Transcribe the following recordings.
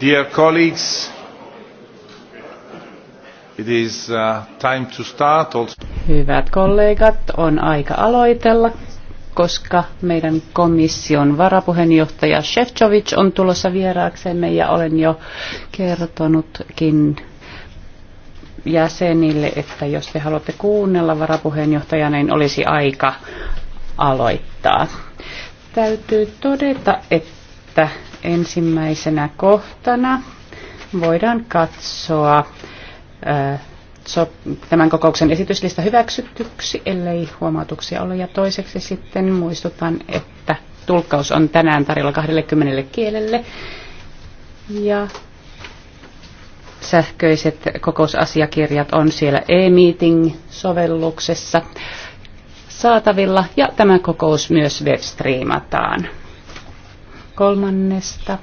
Dear colleagues, it is uh, time to start also. Hyvät kollegat, on aika aloitella, koska meidän komission varapuheenjohtaja Shevchovic on tulossa vieraaksemme ja olen jo kertonutkin jäsenille, että jos te haluatte kuunnella varapuheenjohtajaa, niin olisi aika aloittaa. Täytyy todeta, että ensimmäisenä kohtana voidaan katsoa tämän kokouksen esityslista hyväksytyksi, ellei huomautuksia ole. Ja toiseksi sitten muistutan, että tulkkaus on tänään tarjolla 20 kielelle. Ja sähköiset kokousasiakirjat on siellä e-meeting-sovelluksessa saatavilla ja tämä kokous myös webstreamataan. Kolmannesta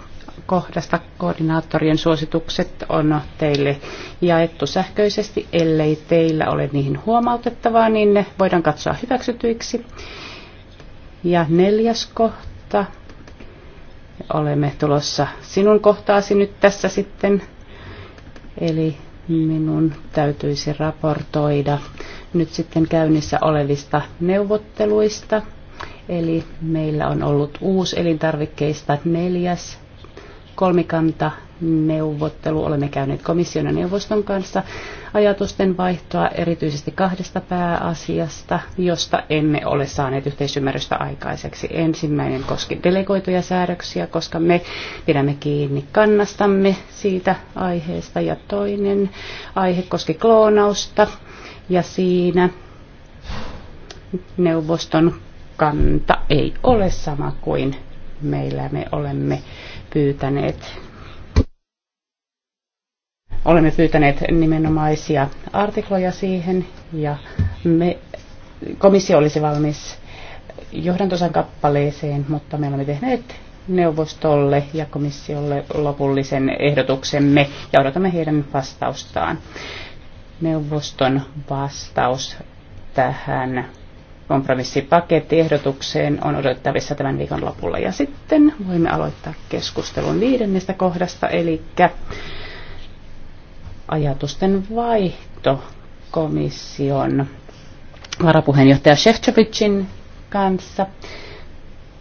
kohdasta koordinaattorien suositukset on teille jaettu sähköisesti, ellei teillä ole niihin huomautettavaa, niin ne voidaan katsoa hyväksytyiksi. Ja neljäs kohta. Olemme tulossa sinun kohtaasi nyt tässä sitten. Eli minun täytyisi raportoida nyt sitten käynnissä olevista neuvotteluista. Eli meillä on ollut uusi elintarvikkeista neljäs kolmikanta neuvottelu. Olemme käyneet komission ja neuvoston kanssa ajatusten vaihtoa erityisesti kahdesta pääasiasta, josta emme ole saaneet yhteisymmärrystä aikaiseksi. Ensimmäinen koski delegoituja säädöksiä, koska me pidämme kiinni kannastamme siitä aiheesta. Ja toinen aihe koski kloonausta ja siinä neuvoston kanta ei ole sama kuin meillä. Me olemme pyytäneet olemme pyytäneet nimenomaisia artikloja siihen ja me, komissio olisi valmis johdantosan kappaleeseen, mutta me olemme tehneet neuvostolle ja komissiolle lopullisen ehdotuksemme ja odotamme heidän vastaustaan neuvoston vastaus tähän kompromissipakettiehdotukseen on odotettavissa tämän viikon lopulla. Ja sitten voimme aloittaa keskustelun viidennestä kohdasta, eli ajatusten vaihto komission varapuheenjohtaja Shevchovicin kanssa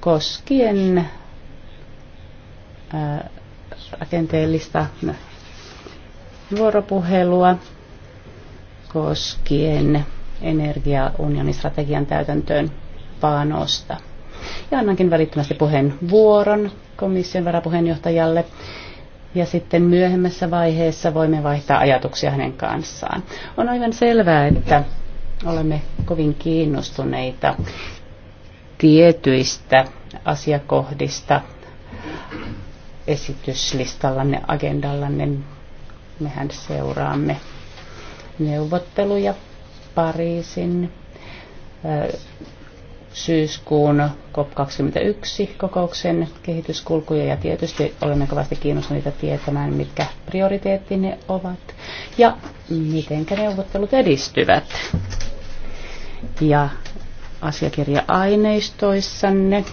koskien rakenteellista vuoropuhelua koskien energiaunionin strategian täytäntöön panosta. Ja annankin välittömästi puheenvuoron komission varapuheenjohtajalle. Ja sitten myöhemmässä vaiheessa voimme vaihtaa ajatuksia hänen kanssaan. On aivan selvää, että olemme kovin kiinnostuneita tietyistä asiakohdista esityslistallanne, agendallanne. Mehän seuraamme neuvotteluja Pariisin syyskuun COP21 kokouksen kehityskulkuja ja tietysti olemme kovasti kiinnostuneita tietämään, mitkä ne ovat ja miten neuvottelut edistyvät. Ja asiakirja-aineistoissanne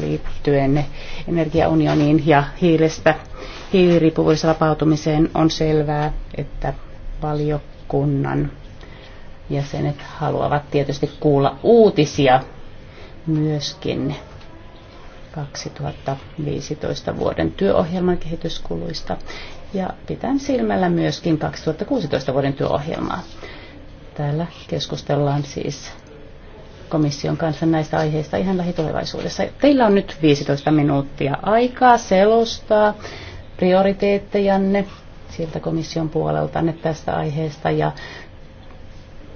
liittyen energiaunioniin ja hiilestä hiiliriippuvuudessa vapautumiseen on selvää, että valiokunnan jäsenet haluavat tietysti kuulla uutisia myöskin 2015 vuoden työohjelman kehityskuluista ja pitän silmällä myöskin 2016 vuoden työohjelmaa. Täällä keskustellaan siis komission kanssa näistä aiheista ihan lähitulevaisuudessa. Teillä on nyt 15 minuuttia aikaa selostaa prioriteettejanne siltä komission puolelta tästä aiheesta ja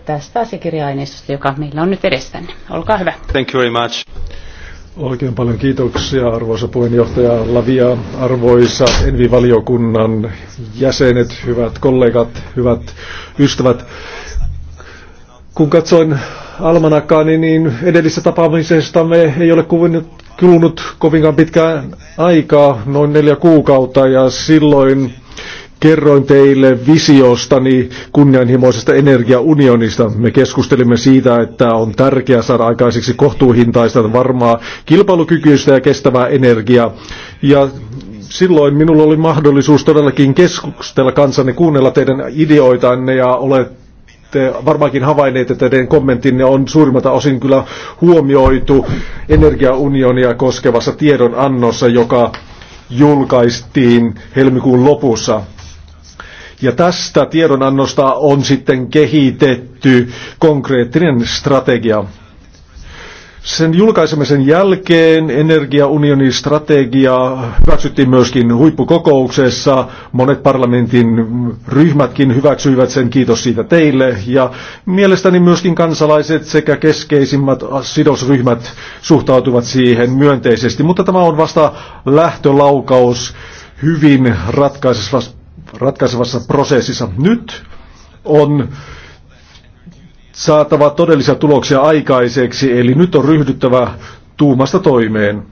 tästä asiakirja-aineistosta, joka meillä on nyt edessänne. Olkaa hyvä. Thank you very much. Oikein paljon kiitoksia arvoisa puheenjohtaja Lavia, arvoisa Envi-valiokunnan jäsenet, hyvät kollegat, hyvät ystävät. Kun katsoin almanakkaa, niin tapaamisesta me ei ole kuvinnut kulunut kovinkaan pitkään aikaa, noin neljä kuukautta, ja silloin kerroin teille visiostani kunnianhimoisesta energiaunionista. Me keskustelimme siitä, että on tärkeää saada aikaiseksi kohtuuhintaista, varmaa, kilpailukykyistä ja kestävää energiaa. Ja silloin minulla oli mahdollisuus todellakin keskustella kanssanne, kuunnella teidän ideoitanne ja olette varmaankin havainneet, että teidän kommenttinne on suurimmalta osin kyllä huomioitu energiaunionia koskevassa tiedonannossa, joka julkaistiin helmikuun lopussa. Ja tästä tiedonannosta on sitten kehitetty konkreettinen strategia. Sen julkaisemisen jälkeen energiaunionin strategia hyväksyttiin myöskin huippukokouksessa. Monet parlamentin ryhmätkin hyväksyivät sen, kiitos siitä teille. Ja mielestäni myöskin kansalaiset sekä keskeisimmät sidosryhmät suhtautuvat siihen myönteisesti. Mutta tämä on vasta lähtölaukaus hyvin ratkaisevassa ratkaisevassa prosessissa. Nyt on saatava todellisia tuloksia aikaiseksi, eli nyt on ryhdyttävä tuumasta toimeen.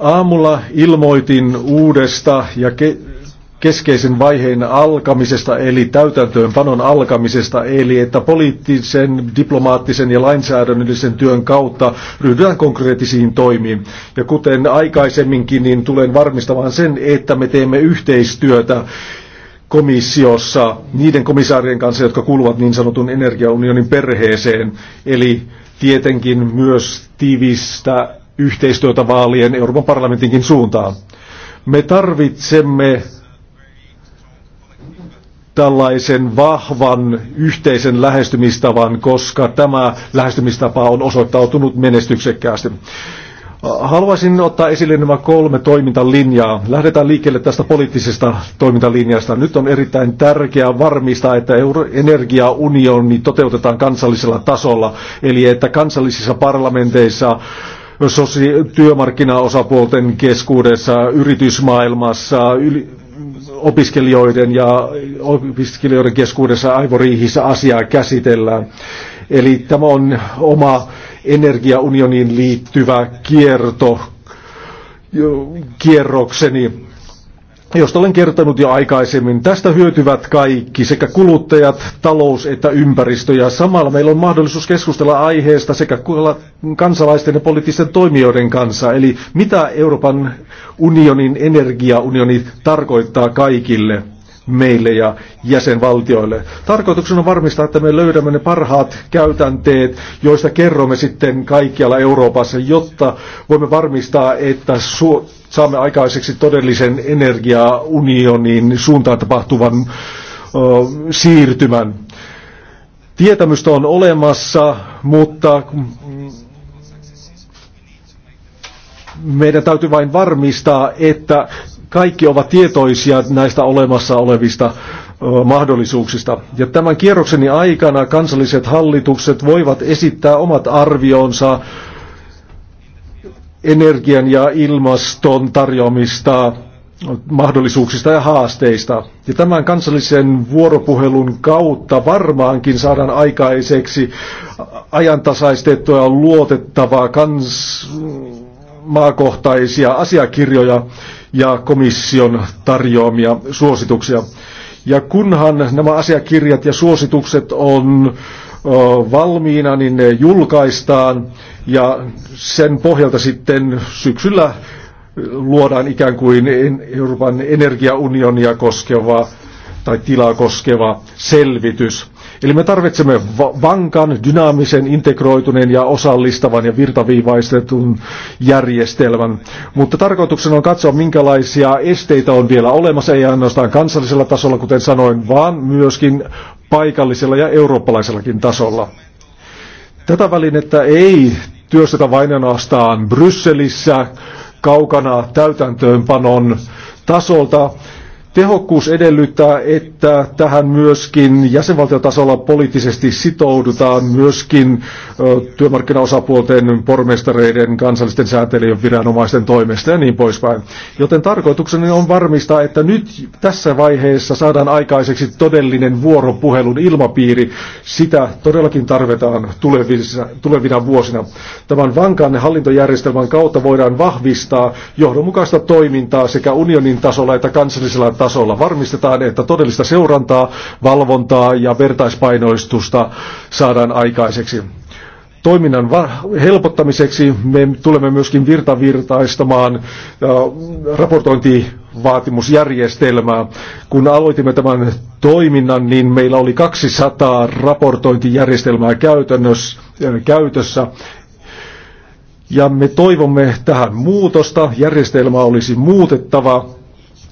Aamulla ilmoitin uudesta ja ke- keskeisen vaiheen alkamisesta, eli täytäntöönpanon alkamisesta, eli että poliittisen, diplomaattisen ja lainsäädännöllisen työn kautta ryhdytään konkreettisiin toimiin. Ja kuten aikaisemminkin, niin tulen varmistamaan sen, että me teemme yhteistyötä komissiossa niiden komissaarien kanssa, jotka kuuluvat niin sanotun energiaunionin perheeseen, eli tietenkin myös tiivistä yhteistyötä vaalien Euroopan parlamentinkin suuntaan. Me tarvitsemme tällaisen vahvan yhteisen lähestymistavan, koska tämä lähestymistapa on osoittautunut menestyksekkäästi. Haluaisin ottaa esille nämä kolme toimintalinjaa. Lähdetään liikkeelle tästä poliittisesta toimintalinjasta. Nyt on erittäin tärkeää varmistaa, että energiaunioni toteutetaan kansallisella tasolla, eli että kansallisissa parlamenteissa työmarkkinaosapuolten keskuudessa, yritysmaailmassa, yli, opiskelijoiden ja opiskelijoiden keskuudessa aivoriihissä asiaa käsitellään. Eli tämä on oma energiaunioniin liittyvä kierto, kierrokseni josta olen kertonut jo aikaisemmin. Tästä hyötyvät kaikki, sekä kuluttajat, talous että ympäristö. Ja samalla meillä on mahdollisuus keskustella aiheesta sekä kansalaisten ja poliittisten toimijoiden kanssa. Eli mitä Euroopan unionin energiaunioni tarkoittaa kaikille meille ja jäsenvaltioille. Tarkoituksena on varmistaa, että me löydämme ne parhaat käytänteet, joista kerromme sitten kaikkialla Euroopassa, jotta voimme varmistaa, että su- saamme aikaiseksi todellisen energiaunionin suuntaan tapahtuvan ö, siirtymän. Tietämystä on olemassa, mutta meidän täytyy vain varmistaa, että kaikki ovat tietoisia näistä olemassa olevista mahdollisuuksista. Ja tämän kierrokseni aikana kansalliset hallitukset voivat esittää omat arvionsa energian ja ilmaston tarjoamista mahdollisuuksista ja haasteista. Ja tämän kansallisen vuoropuhelun kautta varmaankin saadaan aikaiseksi ajantasaistettua ja luotettavaa kans maakohtaisia asiakirjoja ja komission tarjoamia suosituksia. Ja kunhan nämä asiakirjat ja suositukset on valmiina, niin ne julkaistaan ja sen pohjalta sitten syksyllä luodaan ikään kuin Euroopan energiaunionia koskeva tai tilaa koskeva selvitys. Eli me tarvitsemme vankan, dynaamisen, integroituneen ja osallistavan ja virtaviivaistetun järjestelmän. Mutta tarkoituksena on katsoa, minkälaisia esteitä on vielä olemassa, ei ainoastaan kansallisella tasolla, kuten sanoin, vaan myöskin paikallisella ja eurooppalaisellakin tasolla. Tätä välinettä ei työstetä vain ainoastaan Brysselissä kaukana täytäntöönpanon tasolta, Tehokkuus edellyttää, että tähän myöskin jäsenvaltiotasolla poliittisesti sitoudutaan myöskin työmarkkinaosapuolten, pormestareiden, kansallisten säätelijän, viranomaisten toimesta ja niin poispäin. Joten tarkoitukseni on varmistaa, että nyt tässä vaiheessa saadaan aikaiseksi todellinen vuoropuhelun ilmapiiri. Sitä todellakin tarvitaan tulevissa, tulevina vuosina. Tämän vankan hallintojärjestelmän kautta voidaan vahvistaa johdonmukaista toimintaa sekä unionin tasolla että kansallisella tasolla tasolla. Varmistetaan, että todellista seurantaa, valvontaa ja vertaispainoistusta saadaan aikaiseksi. Toiminnan helpottamiseksi me tulemme myöskin virtavirtaistamaan raportointivaatimusjärjestelmää. Kun aloitimme tämän toiminnan, niin meillä oli 200 raportointijärjestelmää käytössä. Ja me toivomme tähän muutosta. Järjestelmä olisi muutettava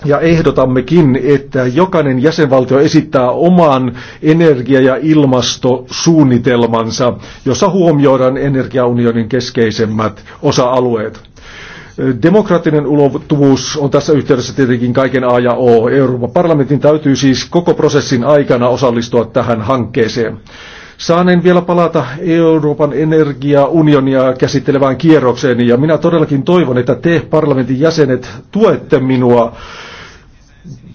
ja ehdotammekin, että jokainen jäsenvaltio esittää oman energia- ja ilmastosuunnitelmansa, jossa huomioidaan energiaunionin keskeisemmät osa-alueet. Demokraattinen ulottuvuus on tässä yhteydessä tietenkin kaiken A ja O. Euroopan parlamentin täytyy siis koko prosessin aikana osallistua tähän hankkeeseen. Saanen vielä palata Euroopan energiaunionia käsittelevään kierrokseen ja minä todellakin toivon, että te parlamentin jäsenet tuette minua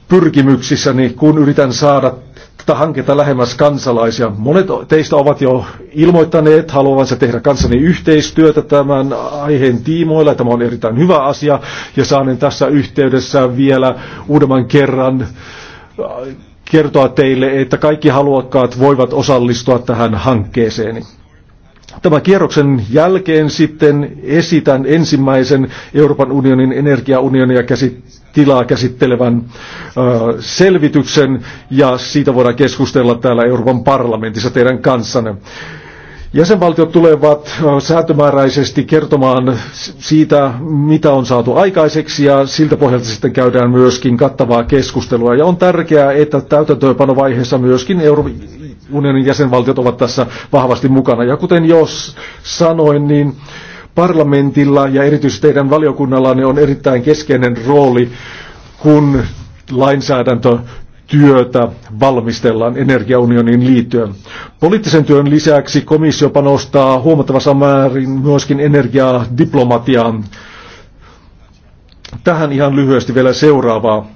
pyrkimyksissäni, kun yritän saada tätä hanketta lähemmäs kansalaisia. Monet teistä ovat jo ilmoittaneet haluavansa tehdä kanssani yhteistyötä tämän aiheen tiimoilla. Tämä on erittäin hyvä asia ja saanen tässä yhteydessä vielä uudemman kerran äh, kertoa teille, että kaikki haluakkaat voivat osallistua tähän hankkeeseeni. Tämän kierroksen jälkeen sitten esitän ensimmäisen Euroopan unionin energiaunionia käsittelyyn tilaa käsittelevän selvityksen ja siitä voidaan keskustella täällä Euroopan parlamentissa teidän kanssanne. Jäsenvaltiot tulevat säätömääräisesti kertomaan siitä, mitä on saatu aikaiseksi ja siltä pohjalta sitten käydään myöskin kattavaa keskustelua. Ja on tärkeää, että täytäntöönpanovaiheessa myöskin Euroopan unionin jäsenvaltiot ovat tässä vahvasti mukana. Ja kuten jos sanoin, niin Parlamentilla ja erityisesti teidän valiokunnallanne on erittäin keskeinen rooli, kun lainsäädäntö työtä valmistellaan energiaunionin liittyen. Poliittisen työn lisäksi komissio panostaa huomattavassa määrin myöskin energiadiplomatiaan. Tähän ihan lyhyesti vielä seuraavaa.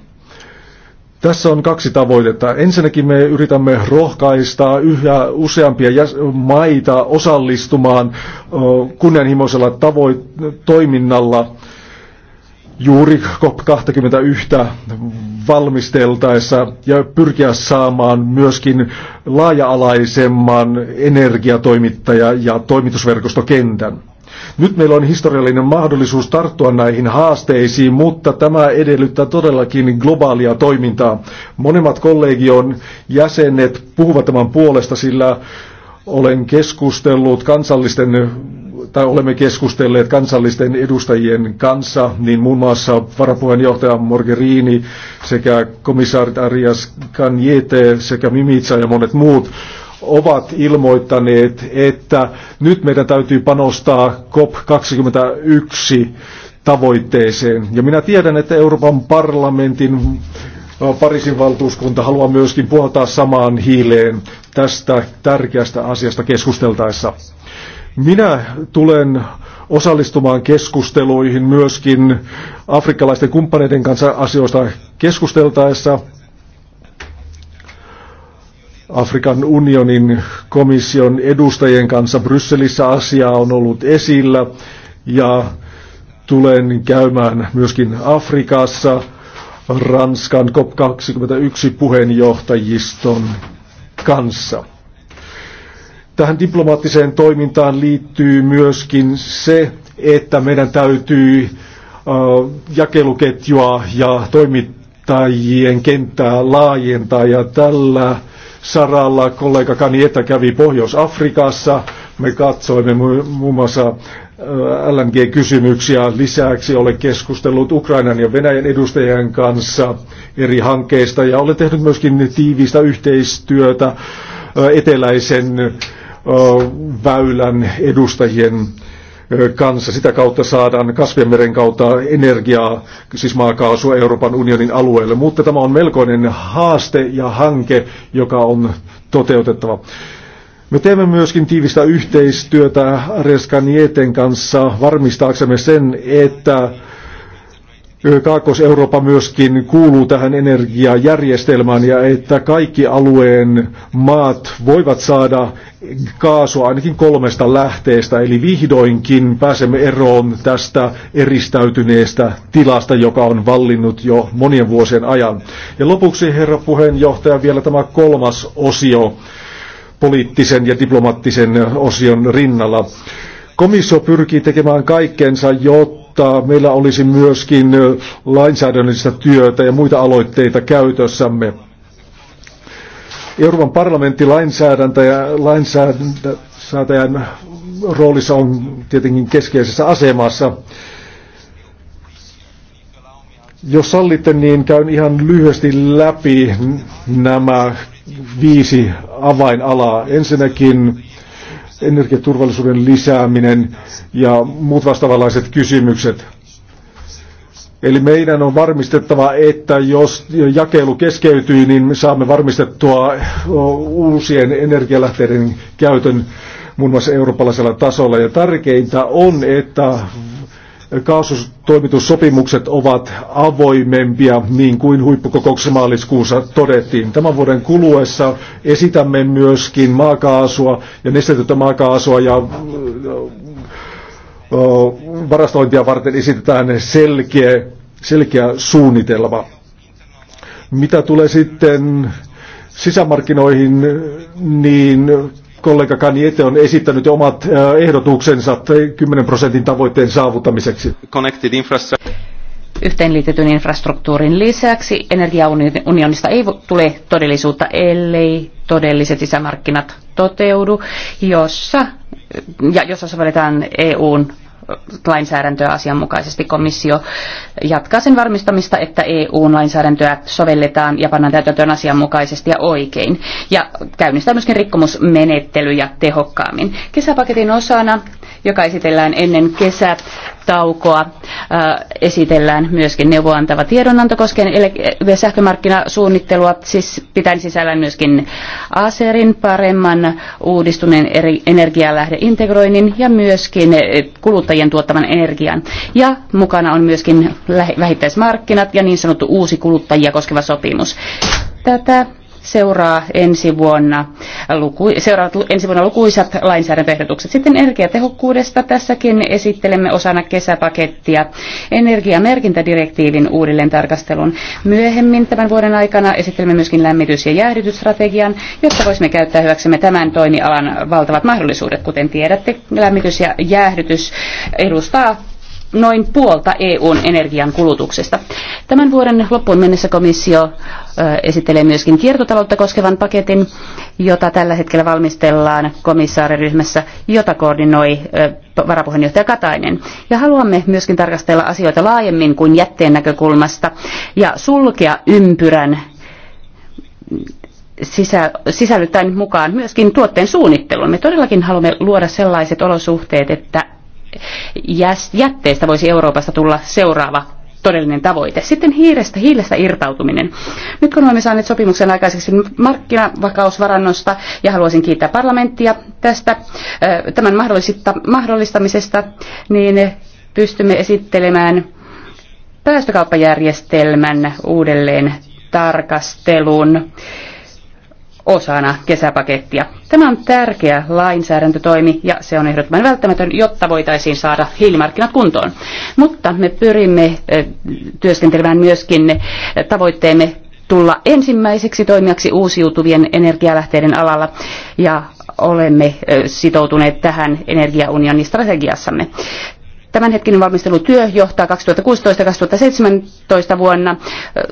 Tässä on kaksi tavoitetta. Ensinnäkin me yritämme rohkaista yhä useampia maita osallistumaan kunnianhimoisella tavoit- toiminnalla juuri COP21 valmisteltaessa ja pyrkiä saamaan myöskin laaja-alaisemman energiatoimittaja- ja toimitusverkostokentän. Nyt meillä on historiallinen mahdollisuus tarttua näihin haasteisiin, mutta tämä edellyttää todellakin globaalia toimintaa. Monemmat kollegion jäsenet puhuvat tämän puolesta, sillä olen keskustellut kansallisten tai olemme keskustelleet kansallisten edustajien kanssa, niin muun muassa varapuheenjohtaja Morgerini sekä komissaarit Arias Kanjete sekä Mimitsa ja monet muut ovat ilmoittaneet, että nyt meidän täytyy panostaa COP21 tavoitteeseen. Ja minä tiedän, että Euroopan parlamentin Pariisin valtuuskunta haluaa myöskin puhaltaa samaan hiileen tästä tärkeästä asiasta keskusteltaessa. Minä tulen osallistumaan keskusteluihin myöskin afrikkalaisten kumppaneiden kanssa asioista keskusteltaessa Afrikan unionin komission edustajien kanssa Brysselissä asiaa on ollut esillä ja tulen käymään myöskin Afrikassa Ranskan COP21 puheenjohtajiston kanssa. Tähän diplomaattiseen toimintaan liittyy myöskin se, että meidän täytyy jakeluketjua ja toimittajien kenttää laajentaa ja tällä saralla. Kollega Kanieta kävi Pohjois-Afrikassa. Me katsoimme muun muassa äh, LNG-kysymyksiä. Lisäksi olen keskustellut Ukrainan ja Venäjän edustajien kanssa eri hankkeista ja olen tehnyt myöskin tiivistä yhteistyötä äh, eteläisen äh, väylän edustajien kanssa. Sitä kautta saadaan kasvien kautta energiaa, siis maakaasua Euroopan unionin alueelle. Mutta tämä on melkoinen haaste ja hanke, joka on toteutettava. Me teemme myöskin tiivistä yhteistyötä Reskanieten kanssa varmistaaksemme sen, että Kaakkois-Eurooppa myöskin kuuluu tähän energiajärjestelmään ja että kaikki alueen maat voivat saada kaasua ainakin kolmesta lähteestä. Eli vihdoinkin pääsemme eroon tästä eristäytyneestä tilasta, joka on vallinnut jo monien vuosien ajan. Ja lopuksi, herra puheenjohtaja, vielä tämä kolmas osio poliittisen ja diplomaattisen osion rinnalla. Komissio pyrkii tekemään kaikkensa, jotta meillä olisi myöskin lainsäädännöllistä työtä ja muita aloitteita käytössämme. Euroopan parlamentti ja lainsäätäjän roolissa on tietenkin keskeisessä asemassa. Jos sallitte, niin käyn ihan lyhyesti läpi nämä viisi avainalaa. Ensinnäkin energiaturvallisuuden lisääminen ja muut vastaavanlaiset kysymykset. Eli meidän on varmistettava, että jos jakelu keskeytyy, niin me saamme varmistettua uusien energialähteiden käytön muun muassa eurooppalaisella tasolla. Ja tärkeintä on, että kaasutoimitussopimukset ovat avoimempia, niin kuin huippukokouksessa maaliskuussa todettiin. Tämän vuoden kuluessa esitämme myöskin maakaasua ja nestetyttä maakaasua ja varastointia varten esitetään selkeä, selkeä suunnitelma. Mitä tulee sitten sisämarkkinoihin, niin kollega Kaniete on esittänyt omat ehdotuksensa 10 prosentin tavoitteen saavuttamiseksi. Connected infrastructure. Yhteenliitetyn infrastruktuurin lisäksi energiaunionista ei tule todellisuutta, ellei todelliset sisämarkkinat toteudu, jossa, ja jossa sovelletaan EUn lainsäädäntöä asianmukaisesti. Komissio jatkaa sen varmistamista, että EU-lainsäädäntöä sovelletaan ja pannaan täytäntöön asianmukaisesti ja oikein. Ja käynnistää myöskin rikkomusmenettelyjä tehokkaammin. Kesäpaketin osana joka esitellään ennen kesätaukoa. Äh, esitellään myöskin neuvoantava tiedonanto koskien sähkömarkkinasuunnittelua. Siis pitäen sisällään myöskin ASERin paremman uudistuneen eri energialähdeintegroinnin ja myöskin äh, kuluttajien tuottaman energian. Ja mukana on myöskin vähittäismarkkinat ja niin sanottu uusi kuluttajia koskeva sopimus. Tätä seuraa ensi vuonna, luku, seuraavat ensi vuonna lukuisat lainsäädäntöehdotukset. Sitten energiatehokkuudesta tässäkin esittelemme osana kesäpakettia energiamerkintädirektiivin uudelleen tarkastelun. Myöhemmin tämän vuoden aikana esittelemme myöskin lämmitys- ja jäähdytysstrategian, jotta voisimme käyttää hyväksemme tämän toimialan valtavat mahdollisuudet. Kuten tiedätte, lämmitys ja jäähdytys edustaa noin puolta EUn energian kulutuksesta. Tämän vuoden loppuun mennessä komissio esittelee myöskin kiertotaloutta koskevan paketin, jota tällä hetkellä valmistellaan komissaariryhmässä, jota koordinoi varapuheenjohtaja Katainen. Ja haluamme myöskin tarkastella asioita laajemmin kuin jätteen näkökulmasta ja sulkea ympyrän sisällyttäen mukaan myöskin tuotteen suunnittelun. Me todellakin haluamme luoda sellaiset olosuhteet, että jätteestä voisi Euroopasta tulla seuraava todellinen tavoite. Sitten hiilestä, hiilestä irtautuminen. Nyt kun olemme saaneet sopimuksen aikaiseksi markkinavakausvarannosta ja haluaisin kiittää parlamenttia tästä tämän mahdollistamisesta, niin pystymme esittelemään päästökauppajärjestelmän uudelleen tarkastelun osana kesäpakettia. Tämä on tärkeä lainsäädäntötoimi ja se on ehdottoman välttämätön, jotta voitaisiin saada hiilimarkkinat kuntoon. Mutta me pyrimme eh, työskentelemään myöskin eh, tavoitteemme tulla ensimmäiseksi toimijaksi uusiutuvien energialähteiden alalla ja olemme eh, sitoutuneet tähän energiaunionin strategiassamme. Tämänhetkinen valmistelutyö johtaa 2016-2017 vuonna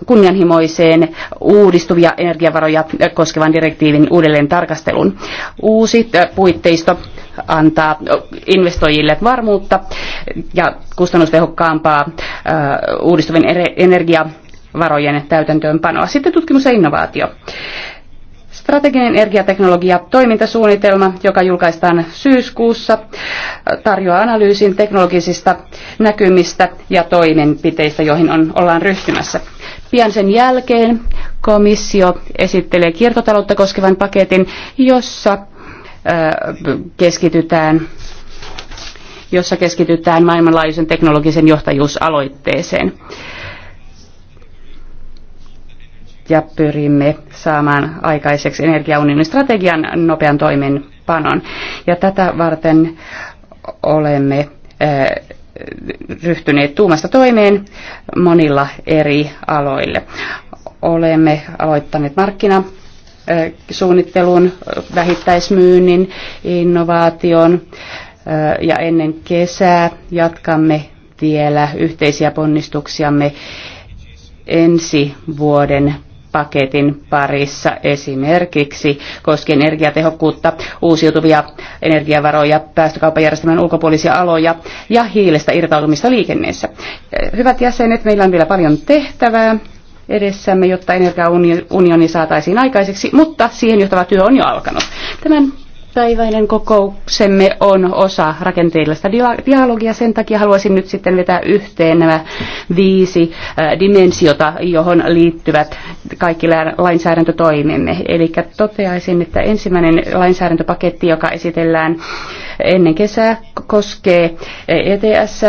kunnianhimoiseen uudistuvia energiavaroja koskevan direktiivin uudelleen tarkastelun. Uusi puitteisto antaa investoijille varmuutta ja kustannustehokkaampaa uudistuvien energiavarojen täytäntöönpanoa. Sitten tutkimus ja innovaatio. Strateginen energiateknologia toimintasuunnitelma, joka julkaistaan syyskuussa, tarjoaa analyysin teknologisista näkymistä ja toimenpiteistä, joihin on, ollaan ryhtymässä. Pian sen jälkeen komissio esittelee kiertotaloutta koskevan paketin, jossa äh, keskitytään jossa keskitytään maailmanlaajuisen teknologisen johtajuusaloitteeseen ja pyrimme saamaan aikaiseksi energiaunionin strategian nopean toimenpanon. Ja tätä varten olemme ryhtyneet tuumasta toimeen monilla eri aloille. Olemme aloittaneet markkina suunnittelun, vähittäismyynnin, innovaation ja ennen kesää jatkamme vielä yhteisiä ponnistuksiamme ensi vuoden paketin parissa esimerkiksi koskien energiatehokkuutta, uusiutuvia energiavaroja, päästökauppajärjestelmän ulkopuolisia aloja ja hiilestä irtautumista liikenneessä. Hyvät jäsenet, meillä on vielä paljon tehtävää edessämme, jotta energiaunioni saataisiin aikaiseksi, mutta siihen johtava työ on jo alkanut. Tämän Päiväinen kokouksemme on osa rakenteellista dialogia. Sen takia haluaisin nyt sitten vetää yhteen nämä viisi dimensiota, johon liittyvät kaikki lainsäädäntötoimimme. Eli toteaisin, että ensimmäinen lainsäädäntöpaketti, joka esitellään ennen kesää, koskee ETS,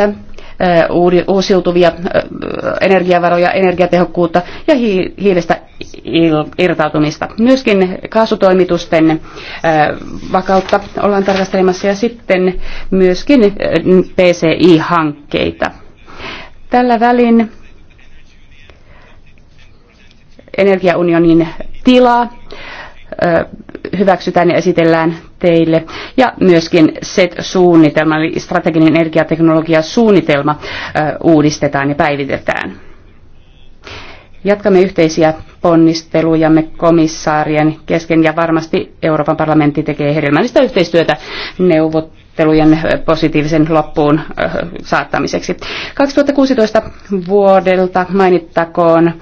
uusiutuvia energiavaroja, energiatehokkuutta ja hiilestä irtautumista. Myöskin kaasutoimitusten vakautta ollaan tarkastelemassa ja sitten myöskin PCI-hankkeita. Tällä välin energiaunionin tila hyväksytään ja esitellään teille. Ja myöskin SET-suunnitelma, eli strateginen energiateknologiasuunnitelma, uudistetaan ja päivitetään. Jatkamme yhteisiä ponnistelujamme komissaarien kesken ja varmasti Euroopan parlamentti tekee hedelmällistä yhteistyötä neuvottelujen positiivisen loppuun äh, saattamiseksi. 2016 vuodelta mainittakoon äh,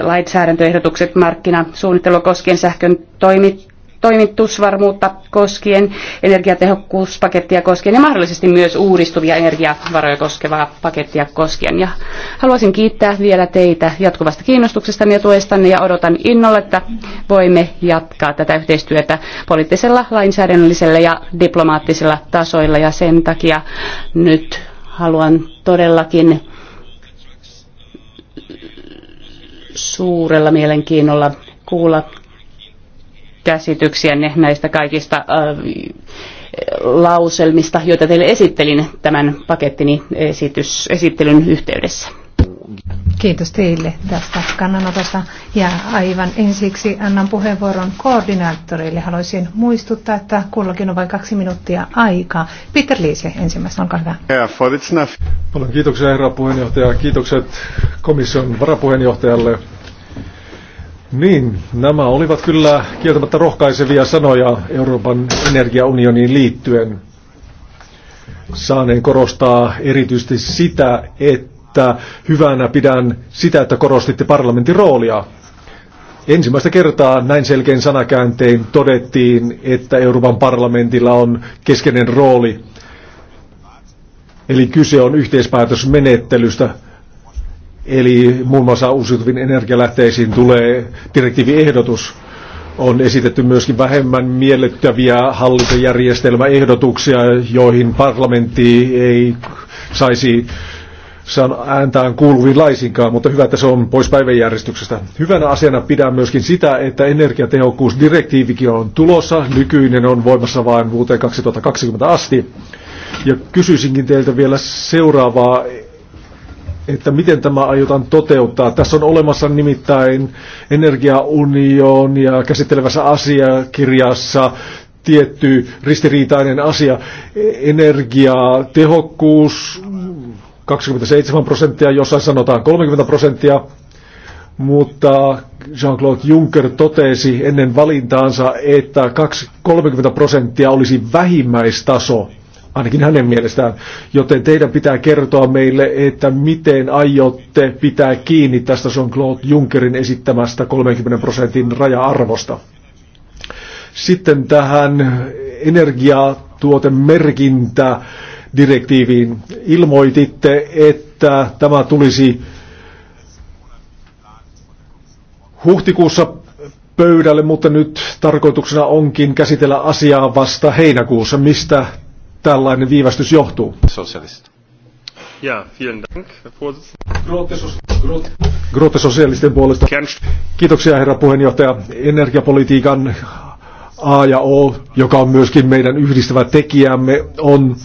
lainsäädäntöehdotukset markkinasuunnittelua koskien sähkön toimittajia toimitusvarmuutta koskien, energiatehokkuuspakettia koskien ja mahdollisesti myös uudistuvia energiavaroja koskevaa pakettia koskien. Ja haluaisin kiittää vielä teitä jatkuvasta kiinnostuksesta ja tuestanne ja odotan innolla, että voimme jatkaa tätä yhteistyötä poliittisella, lainsäädännöllisellä ja diplomaattisella tasoilla ja sen takia nyt haluan todellakin suurella mielenkiinnolla kuulla käsityksiänne näistä kaikista lauselmista, joita teille esittelin tämän pakettini esitys, esittelyn yhteydessä. Kiitos teille tästä kannanotosta. Ja aivan ensiksi annan puheenvuoron koordinaattorille. Haluaisin muistuttaa, että kullakin on vain kaksi minuuttia aikaa. Peter Liise ensimmäisenä, olkaa hyvä. Paljon kiitoksia herra puheenjohtaja. Kiitokset komission varapuheenjohtajalle niin, nämä olivat kyllä kieltämättä rohkaisevia sanoja Euroopan energiaunioniin liittyen. Saaneen korostaa erityisesti sitä, että hyvänä pidän sitä, että korostitte parlamentin roolia. Ensimmäistä kertaa näin selkein sanakääntein todettiin, että Euroopan parlamentilla on keskeinen rooli. Eli kyse on yhteispäätösmenettelystä. Eli muun muassa uusiutuviin energialähteisiin tulee direktiiviehdotus. On esitetty myöskin vähemmän miellyttäviä hallintojärjestelmäehdotuksia, joihin parlamentti ei saisi saan ääntään kuuluviin laisinkaan, mutta hyvä, että se on pois päivänjärjestyksestä. Hyvänä asiana pidää myöskin sitä, että energiatehokkuusdirektiivikin on tulossa. Nykyinen on voimassa vain vuoteen 2020 asti. Ja kysyisinkin teiltä vielä seuraavaa että miten tämä aiotaan toteuttaa. Tässä on olemassa nimittäin ja käsittelevässä asiakirjassa tietty ristiriitainen asia. Energiatehokkuus 27 prosenttia, jossain sanotaan 30 prosenttia, mutta Jean-Claude Juncker totesi ennen valintaansa, että 30 prosenttia olisi vähimmäistaso ainakin hänen mielestään. Joten teidän pitää kertoa meille, että miten aiotte pitää kiinni tästä Jean-Claude Junckerin esittämästä 30 prosentin raja-arvosta. Sitten tähän energiatuotemerkintä direktiiviin ilmoititte, että tämä tulisi huhtikuussa pöydälle, mutta nyt tarkoituksena onkin käsitellä asiaa vasta heinäkuussa. Mistä tällainen viivästys johtuu? Sosialist. Ja, vielen dank, Grote sosialisten puolesta. Kiitoksia herra puheenjohtaja. Energiapolitiikan A ja O, joka on myöskin meidän yhdistävä tekijämme, on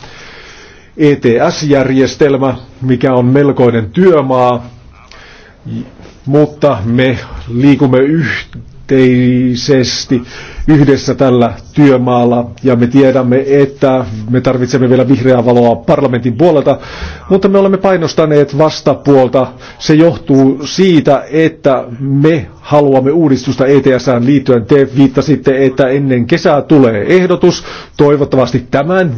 ETS-järjestelmä, mikä on melkoinen työmaa, mutta me liikumme yhteen pitkäjänteisesti yhdessä tällä työmaalla. Ja me tiedämme, että me tarvitsemme vielä vihreää valoa parlamentin puolelta, mutta me olemme painostaneet vastapuolta. Se johtuu siitä, että me haluamme uudistusta ETSään liittyen. Te viittasitte, että ennen kesää tulee ehdotus. Toivottavasti tämän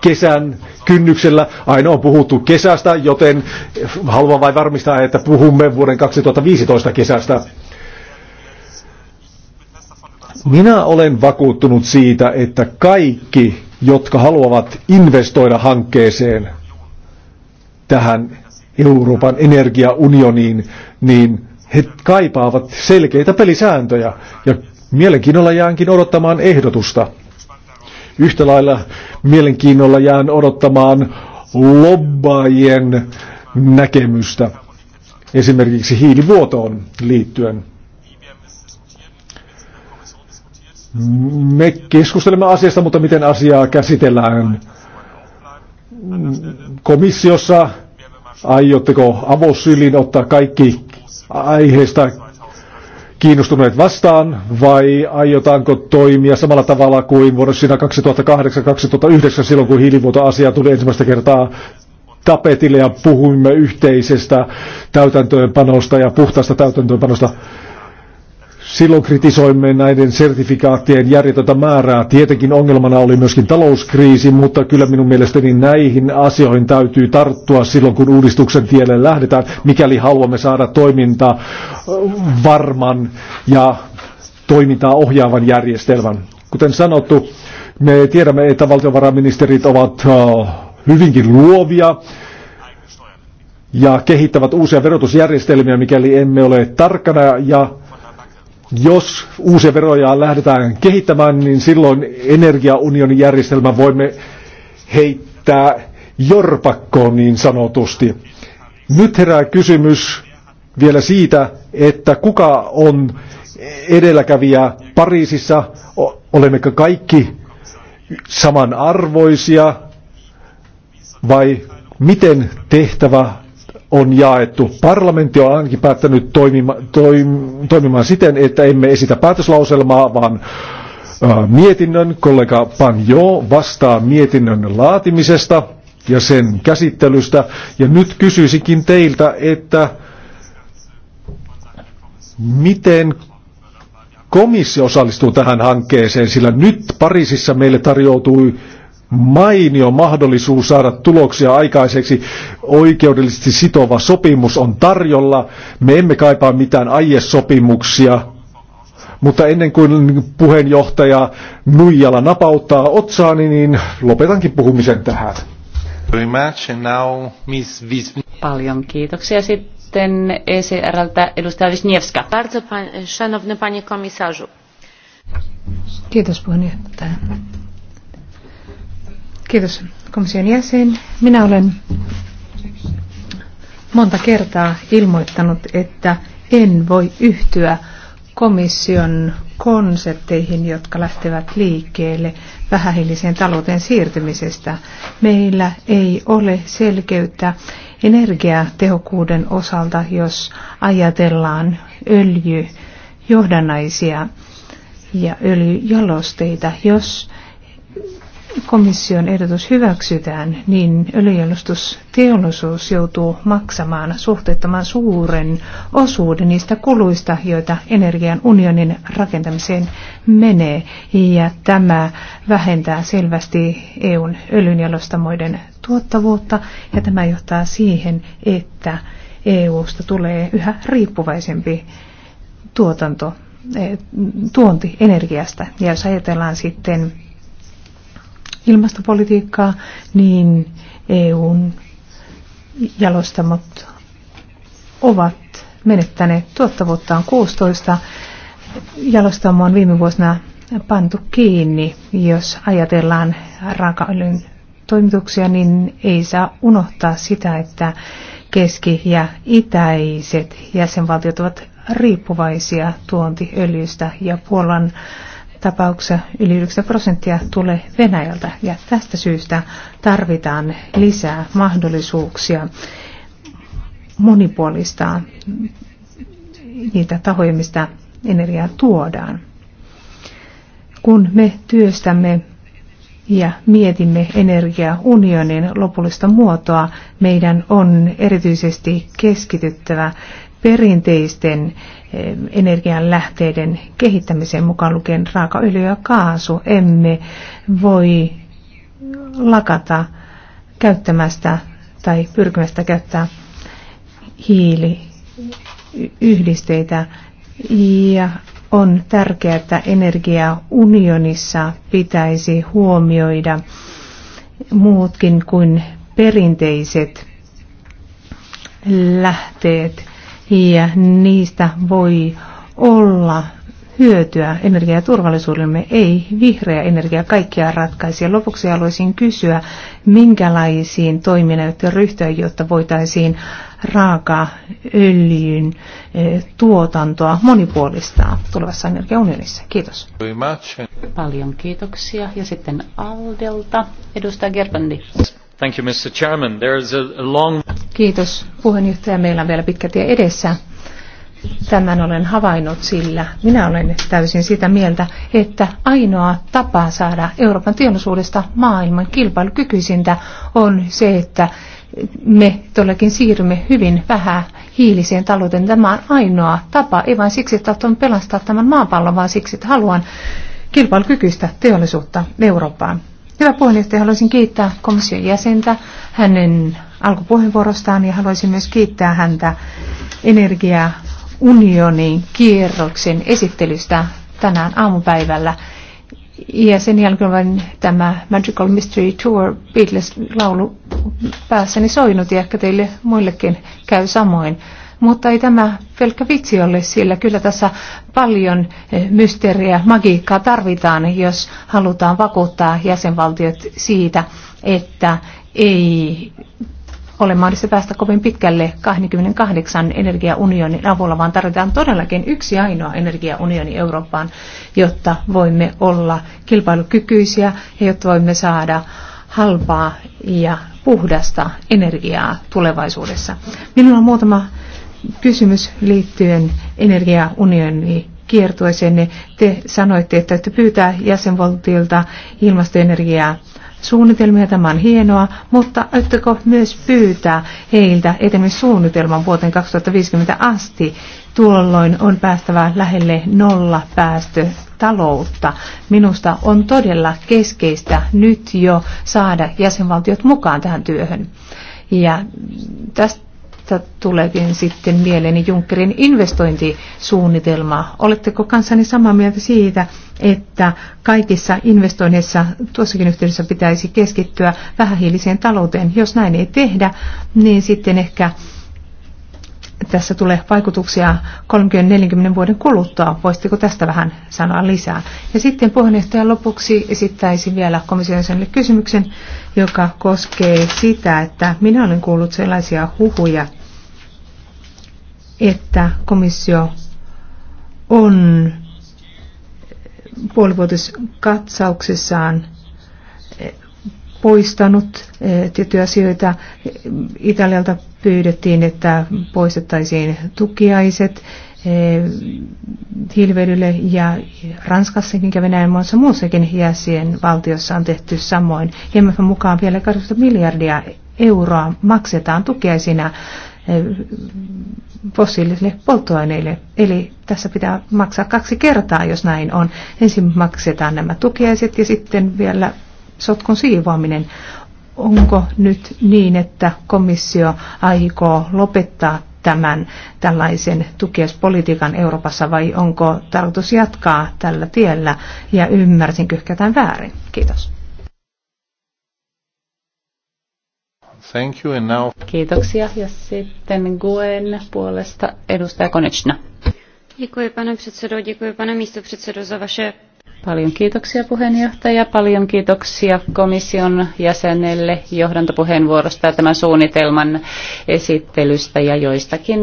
kesän kynnyksellä. Aina on puhuttu kesästä, joten haluan vain varmistaa, että puhumme vuoden 2015 kesästä. Minä olen vakuuttunut siitä, että kaikki, jotka haluavat investoida hankkeeseen tähän Euroopan energiaunioniin, niin he kaipaavat selkeitä pelisääntöjä ja mielenkiinnolla jäänkin odottamaan ehdotusta. Yhtä lailla mielenkiinnolla jään odottamaan lobbaajien näkemystä esimerkiksi hiilivuotoon liittyen. Me keskustelemme asiasta, mutta miten asiaa käsitellään? Komissiossa aiotteko avosylin ottaa kaikki aiheesta kiinnostuneet vastaan vai aiotaanko toimia samalla tavalla kuin vuodessa 2008-2009 silloin, kun hiilivuotoasia tuli ensimmäistä kertaa tapetille ja puhuimme yhteisestä täytäntöönpanosta ja puhtaasta täytäntöönpanosta. Silloin kritisoimme näiden sertifikaattien järjetöntä määrää. Tietenkin ongelmana oli myöskin talouskriisi, mutta kyllä minun mielestäni näihin asioihin täytyy tarttua silloin, kun uudistuksen tielle lähdetään, mikäli haluamme saada toimintaa varman ja toimintaa ohjaavan järjestelmän. Kuten sanottu, me tiedämme, että valtiovarainministerit ovat hyvinkin luovia ja kehittävät uusia verotusjärjestelmiä, mikäli emme ole tarkkana ja jos uusia veroja lähdetään kehittämään, niin silloin energiaunionin järjestelmä voimme heittää jorpakkoon niin sanotusti. Nyt herää kysymys vielä siitä, että kuka on edelläkävijä Pariisissa, olemmeko kaikki samanarvoisia vai miten tehtävä on jaettu. Parlamentti on ainakin päättänyt toimima, toim, toimimaan siten, että emme esitä päätöslauselmaa, vaan ä, äh, mietinnön. Kollega Panjo vastaa mietinnön laatimisesta ja sen käsittelystä. Ja nyt kysyisikin teiltä, että miten komissio osallistuu tähän hankkeeseen, sillä nyt Pariisissa meille tarjoutui mainio mahdollisuus saada tuloksia aikaiseksi. Oikeudellisesti sitova sopimus on tarjolla. Me emme kaipaa mitään aiesopimuksia, mutta ennen kuin puheenjohtaja Nuijala napauttaa otsaani, niin lopetankin puhumisen tähän. Paljon kiitoksia sitten ECRltä edustaja Wisniewska. Kiitos puheenjohtaja. Kiitos komission jäsen. Minä olen monta kertaa ilmoittanut, että en voi yhtyä komission konsepteihin, jotka lähtevät liikkeelle vähähiiliseen talouteen siirtymisestä. Meillä ei ole selkeyttä energiatehokkuuden osalta, jos ajatellaan öljyjohdannaisia ja öljyjalosteita. Jos komission ehdotus hyväksytään, niin öljyjalostusteollisuus joutuu maksamaan suhteettoman suuren osuuden niistä kuluista, joita energian unionin rakentamiseen menee. Ja tämä vähentää selvästi EUn öljynjalostamoiden tuottavuutta ja tämä johtaa siihen, että EUsta tulee yhä riippuvaisempi tuotanto eh, tuontienergiasta. Ja jos ajatellaan sitten ilmastopolitiikkaa, niin EUn jalostamot ovat menettäneet tuottavuuttaan 16. Jalostamo on viime vuosina pantu kiinni, jos ajatellaan raakaöljyn toimituksia, niin ei saa unohtaa sitä, että keski- ja itäiset jäsenvaltiot ovat riippuvaisia tuontiöljystä ja Puolan tapauksessa yli 90 prosenttia tulee Venäjältä ja tästä syystä tarvitaan lisää mahdollisuuksia monipuolistaa niitä tahoja, mistä energiaa tuodaan. Kun me työstämme ja mietimme energiaunionin lopullista muotoa, meidän on erityisesti keskityttävä perinteisten eh, energianlähteiden kehittämiseen mukaan lukien raakaöljy ja kaasu. Emme voi lakata käyttämästä tai pyrkimästä käyttää hiiliyhdisteitä ja on tärkeää, että energiaunionissa pitäisi huomioida muutkin kuin perinteiset lähteet ja niistä voi olla hyötyä energiaturvallisuudellemme, ei vihreä energia kaikkia ratkaisi. Ja lopuksi haluaisin kysyä, minkälaisiin toiminnoitte ryhtyä, jotta voitaisiin raakaöljyn e, tuotantoa monipuolistaa tulevassa energiaunionissa. Kiitos. Paljon kiitoksia. Ja sitten Aldelta, edustaja Gerbandi. Thank you, Mr. Chairman. There is a long... Kiitos puheenjohtaja. Meillä on vielä pitkä tie edessä. Tämän olen havainnut, sillä minä olen täysin sitä mieltä, että ainoa tapa saada Euroopan teollisuudesta maailman kilpailukykyisintä on se, että me todellakin siirrymme hyvin vähän hiiliseen talouteen. Tämä on ainoa tapa, ei vain siksi, että on pelastaa tämän maapallon, vaan siksi, että haluan kilpailukykyistä teollisuutta Eurooppaan. Hyvä puheenjohtaja, haluaisin kiittää komission jäsentä hänen alkupuheenvuorostaan ja haluaisin myös kiittää häntä energiaunionin kierroksen esittelystä tänään aamupäivällä. Ja sen jälkeen vain tämä Magical Mystery Tour Beatles-laulu päässäni soinut ja ehkä teille muillekin käy samoin. Mutta ei tämä pelkkä vitsi ole, sillä kyllä tässä paljon eh, mysteeriä, magiikkaa tarvitaan, jos halutaan vakuuttaa jäsenvaltiot siitä, että ei ole mahdollista päästä kovin pitkälle 28 energiaunionin avulla, vaan tarvitaan todellakin yksi ainoa energiaunioni Eurooppaan, jotta voimme olla kilpailukykyisiä ja jotta voimme saada halpaa ja puhdasta energiaa tulevaisuudessa. Minulla on muutama kysymys liittyen energiaunioniin kiertueeseen. Te sanoitte, että te pyytää jäsenvaltiolta ilmastoenergiaa suunnitelmia, tämä on hienoa, mutta aiotteko myös pyytää heiltä etenemissuunnitelman vuoteen 2050 asti? Tuolloin on päästävä lähelle nolla päästö taloutta. Minusta on todella keskeistä nyt jo saada jäsenvaltiot mukaan tähän työhön. Ja tästä Tästä tuleekin sitten mieleeni Junckerin investointisuunnitelma. Oletteko kanssani samaa mieltä siitä, että kaikissa investoinneissa tuossakin yhteydessä pitäisi keskittyä vähähiiliseen talouteen? Jos näin ei tehdä, niin sitten ehkä tässä tulee vaikutuksia 30-40 vuoden kuluttua. Voisitteko tästä vähän sanoa lisää? Ja sitten puheenjohtajan lopuksi esittäisin vielä komission kysymyksen, joka koskee sitä, että minä olen kuullut sellaisia huhuja, että komissio on puolivuotiskatsauksessaan eh, poistanut eh, tiettyjä asioita. Italialta pyydettiin, että poistettaisiin tukiaiset eh, hilveilylle ja Ranskassakin ja Venäjän monessa muussakin jäsenvaltiossa on tehty samoin. IMF mukaan vielä 20 miljardia euroa maksetaan tukiaisina fossiilisille polttoaineille. Eli tässä pitää maksaa kaksi kertaa, jos näin on. Ensin maksetaan nämä tukiaiset ja sitten vielä sotkun siivoaminen. Onko nyt niin, että komissio aikoo lopettaa tämän tällaisen tukiaispolitiikan Euroopassa vai onko tarkoitus jatkaa tällä tiellä ja ymmärsinkö tämän väärin? Kiitos. Thank you and now... Kiitoksia. Ja sitten Guen puolesta edustaja Konechna. Děkuji, pane předsedo, děkuji, pane za vaše Paljon kiitoksia puheenjohtaja, paljon kiitoksia komission jäsenelle johdantopuheenvuorosta ja tämän suunnitelman esittelystä ja joistakin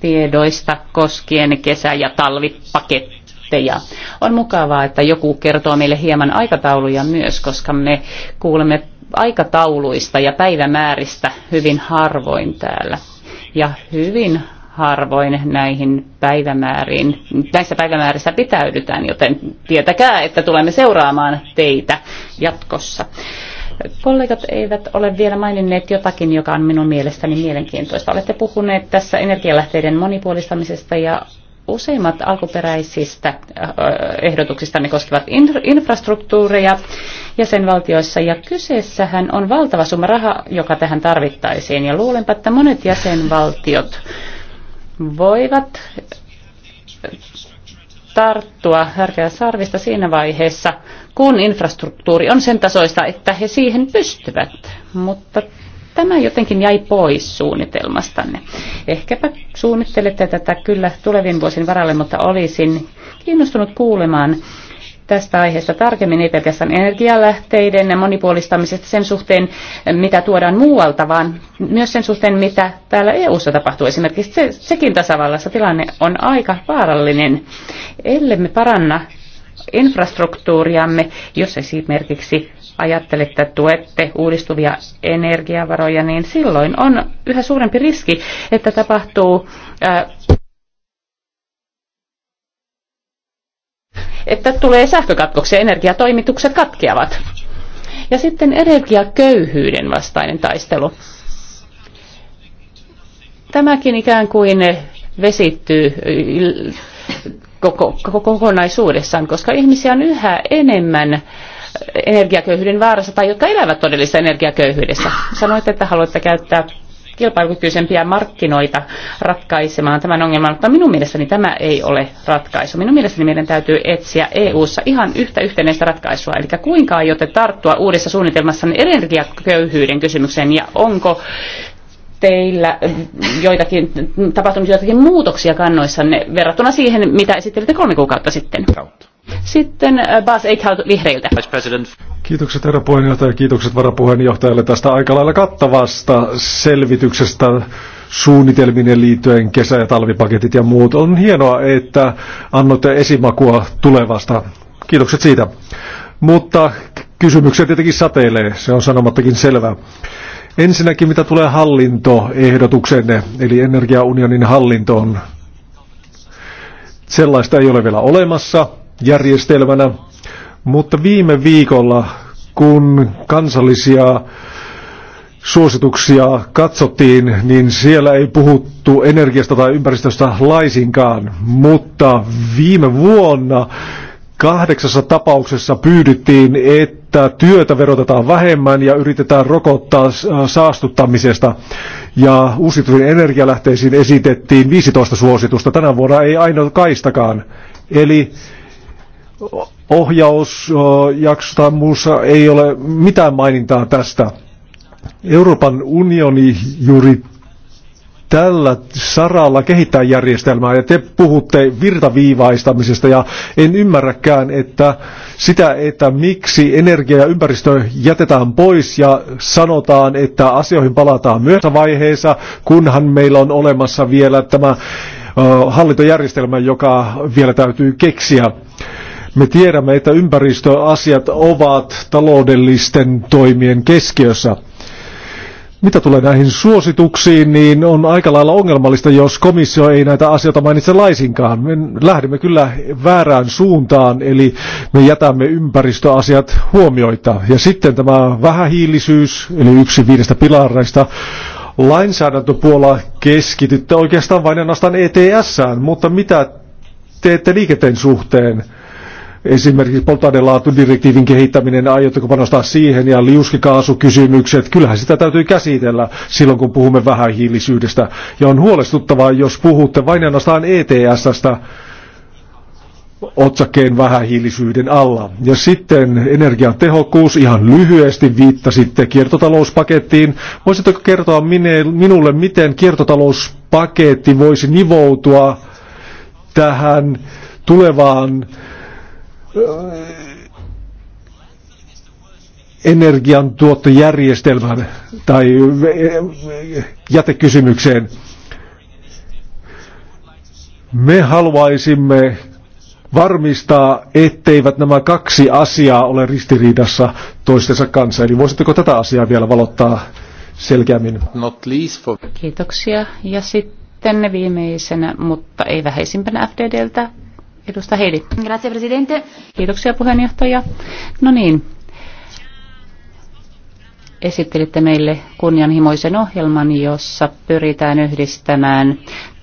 tiedoista koskien kesä- ja talvipaketteja. On mukavaa, että joku kertoo meille hieman aikatauluja myös, koska me kuulemme aikatauluista ja päivämääristä hyvin harvoin täällä. Ja hyvin harvoin näihin päivämääriin, näissä päivämäärissä pitäydytään, joten tietäkää, että tulemme seuraamaan teitä jatkossa. Kollegat eivät ole vielä maininneet jotakin, joka on minun mielestäni mielenkiintoista. Olette puhuneet tässä energialähteiden monipuolistamisesta ja Useimmat alkuperäisistä äh, ehdotuksista ne koskevat infrastruktuuria jäsenvaltioissa ja kyseessähän on valtava summa rahaa, joka tähän tarvittaisiin ja luulenpa, että monet jäsenvaltiot voivat tarttua härkeä sarvista siinä vaiheessa, kun infrastruktuuri on sen tasoista, että he siihen pystyvät. Mutta tämä jotenkin jäi pois suunnitelmastanne. Ehkäpä suunnittelette tätä kyllä tulevien vuosien varalle, mutta olisin kiinnostunut kuulemaan tästä aiheesta tarkemmin, ei pelkästään energialähteiden monipuolistamisesta sen suhteen, mitä tuodaan muualta, vaan myös sen suhteen, mitä täällä EU-ssa tapahtuu. Esimerkiksi se, sekin tasavallassa tilanne on aika vaarallinen. Ellemme paranna infrastruktuuriamme, jos esimerkiksi ajattelette, että tuette uudistuvia energiavaroja, niin silloin on yhä suurempi riski, että tapahtuu äh, että tulee sähkökatkoksia, energiatoimitukset katkeavat. Ja sitten energiaköyhyyden vastainen taistelu. Tämäkin ikään kuin vesittyy koko, koko, kokonaisuudessaan, koska ihmisiä on yhä enemmän energiaköyhyyden vaarassa tai jotka elävät todellisessa energiaköyhyydessä. Sanoitte, että haluatte käyttää kilpailukykyisempiä markkinoita ratkaisemaan tämän ongelman, mutta minun mielestäni tämä ei ole ratkaisu. Minun mielestäni meidän täytyy etsiä EU-ssa ihan yhtä yhtenäistä ratkaisua, eli kuinka aiotte tarttua uudessa suunnitelmassa energiaköyhyyden kysymykseen ja onko teillä joitakin, tapahtunut joitakin muutoksia kannoissanne verrattuna siihen, mitä esittelitte kolme kuukautta sitten? Kautta. Sitten äh, Bas Eichhout vihreiltä. Kiitokset herra puheenjohtaja ja kiitokset varapuheenjohtajalle tästä aika lailla kattavasta selvityksestä suunnitelminen liittyen kesä- ja talvipaketit ja muut. On hienoa, että annoitte esimakua tulevasta. Kiitokset siitä. Mutta kysymyksiä tietenkin sateilee, se on sanomattakin selvää. Ensinnäkin mitä tulee hallintoehdotuksenne, eli energiaunionin hallintoon, sellaista ei ole vielä olemassa järjestelmänä, mutta viime viikolla, kun kansallisia suosituksia katsottiin, niin siellä ei puhuttu energiasta tai ympäristöstä laisinkaan, mutta viime vuonna kahdeksassa tapauksessa pyydyttiin, että työtä verotetaan vähemmän ja yritetään rokottaa äh, saastuttamisesta. Ja uusiutuviin energialähteisiin esitettiin 15 suositusta. Tänä vuonna ei ainoa kaistakaan. Eli ohjausjakso tai muussa ei ole mitään mainintaa tästä. Euroopan unioni juuri tällä saralla kehittää järjestelmää ja te puhutte virtaviivaistamisesta ja en ymmärräkään, että sitä, että miksi energia ja ympäristö jätetään pois ja sanotaan, että asioihin palataan myöhässä vaiheessa, kunhan meillä on olemassa vielä tämä hallintojärjestelmä, joka vielä täytyy keksiä. Me tiedämme, että ympäristöasiat ovat taloudellisten toimien keskiössä. Mitä tulee näihin suosituksiin, niin on aika lailla ongelmallista, jos komissio ei näitä asioita mainitse laisinkaan. Me lähdemme kyllä väärään suuntaan, eli me jätämme ympäristöasiat huomioita. Ja sitten tämä vähähiilisyys, eli yksi viidestä pilareista, lainsäädäntöpuolella keskitytte oikeastaan vain ainoastaan ETS, mutta mitä teette liikenteen suhteen? Esimerkiksi polttoainelaatudirektiivin kehittäminen, aiotteko panostaa siihen ja liuskikaasukysymykset, kyllähän sitä täytyy käsitellä silloin kun puhumme vähähiilisyydestä. Ja on huolestuttavaa, jos puhutte vain ainoastaan ETSstä, otsakkeen vähähiilisyyden alla. Ja sitten energiatehokkuus, ihan lyhyesti viittasitte kiertotalouspakettiin. Voisitteko kertoa minulle, miten kiertotalouspaketti voisi nivoutua tähän tulevaan energiantuottojärjestelmän tai jätekysymykseen. Me haluaisimme varmistaa, etteivät nämä kaksi asiaa ole ristiriidassa toistensa kanssa. Eli voisitteko tätä asiaa vielä valottaa selkeämmin? Not least for... Kiitoksia. Ja sitten viimeisenä, mutta ei vähäisimpänä FDDltä, Edustaja Heidi. Grazie, presidente. Kiitoksia puheenjohtaja. No niin, esittelitte meille kunnianhimoisen ohjelman, jossa pyritään yhdistämään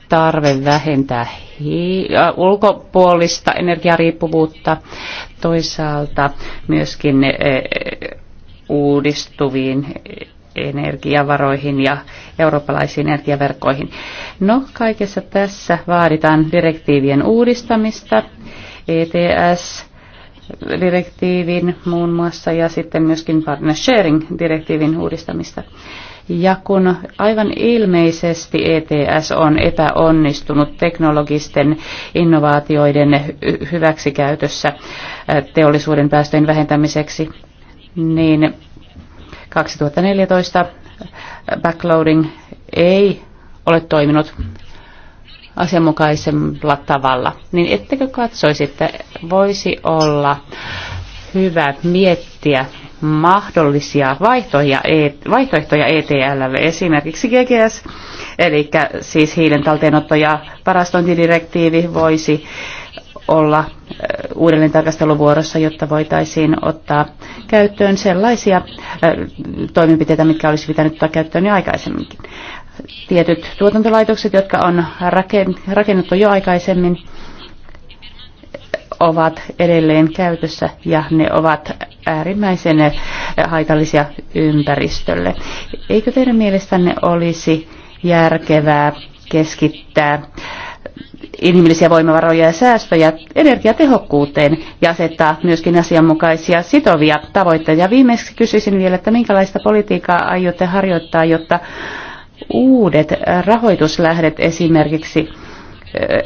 tarve vähentää hi- äh, ulkopuolista energiariippuvuutta, toisaalta myöskin eh, eh, uudistuviin energiavaroihin ja eurooppalaisiin energiaverkkoihin. No, kaikessa tässä vaaditaan direktiivien uudistamista, ETS, direktiivin muun muassa ja sitten myöskin partner sharing direktiivin uudistamista. Ja kun aivan ilmeisesti ETS on epäonnistunut teknologisten innovaatioiden hyväksikäytössä äh, teollisuuden päästöjen vähentämiseksi, niin 2014 backloading ei ole toiminut asianmukaisella tavalla, niin ettekö katsoisi, että voisi olla hyvä miettiä mahdollisia vaihtoehtoja, e- vaihtoehtoja ETLlle, esimerkiksi GGS, eli siis hiilen talteenotto- ja varastointidirektiivi voisi olla äh, uudelleen tarkasteluvuorossa, jotta voitaisiin ottaa käyttöön sellaisia äh, toimenpiteitä, mitkä olisi pitänyt ottaa käyttöön jo aikaisemminkin. Tietyt tuotantolaitokset, jotka on rakennettu jo aikaisemmin, ovat edelleen käytössä ja ne ovat äärimmäisen äh, haitallisia ympäristölle. Eikö teidän mielestänne olisi järkevää keskittää äh, inhimillisiä voimavaroja ja säästöjä energiatehokkuuteen ja asettaa myöskin asianmukaisia sitovia tavoitteita. Ja viimeksi kysyisin vielä, että minkälaista politiikkaa aiotte harjoittaa, jotta uudet rahoituslähdet esimerkiksi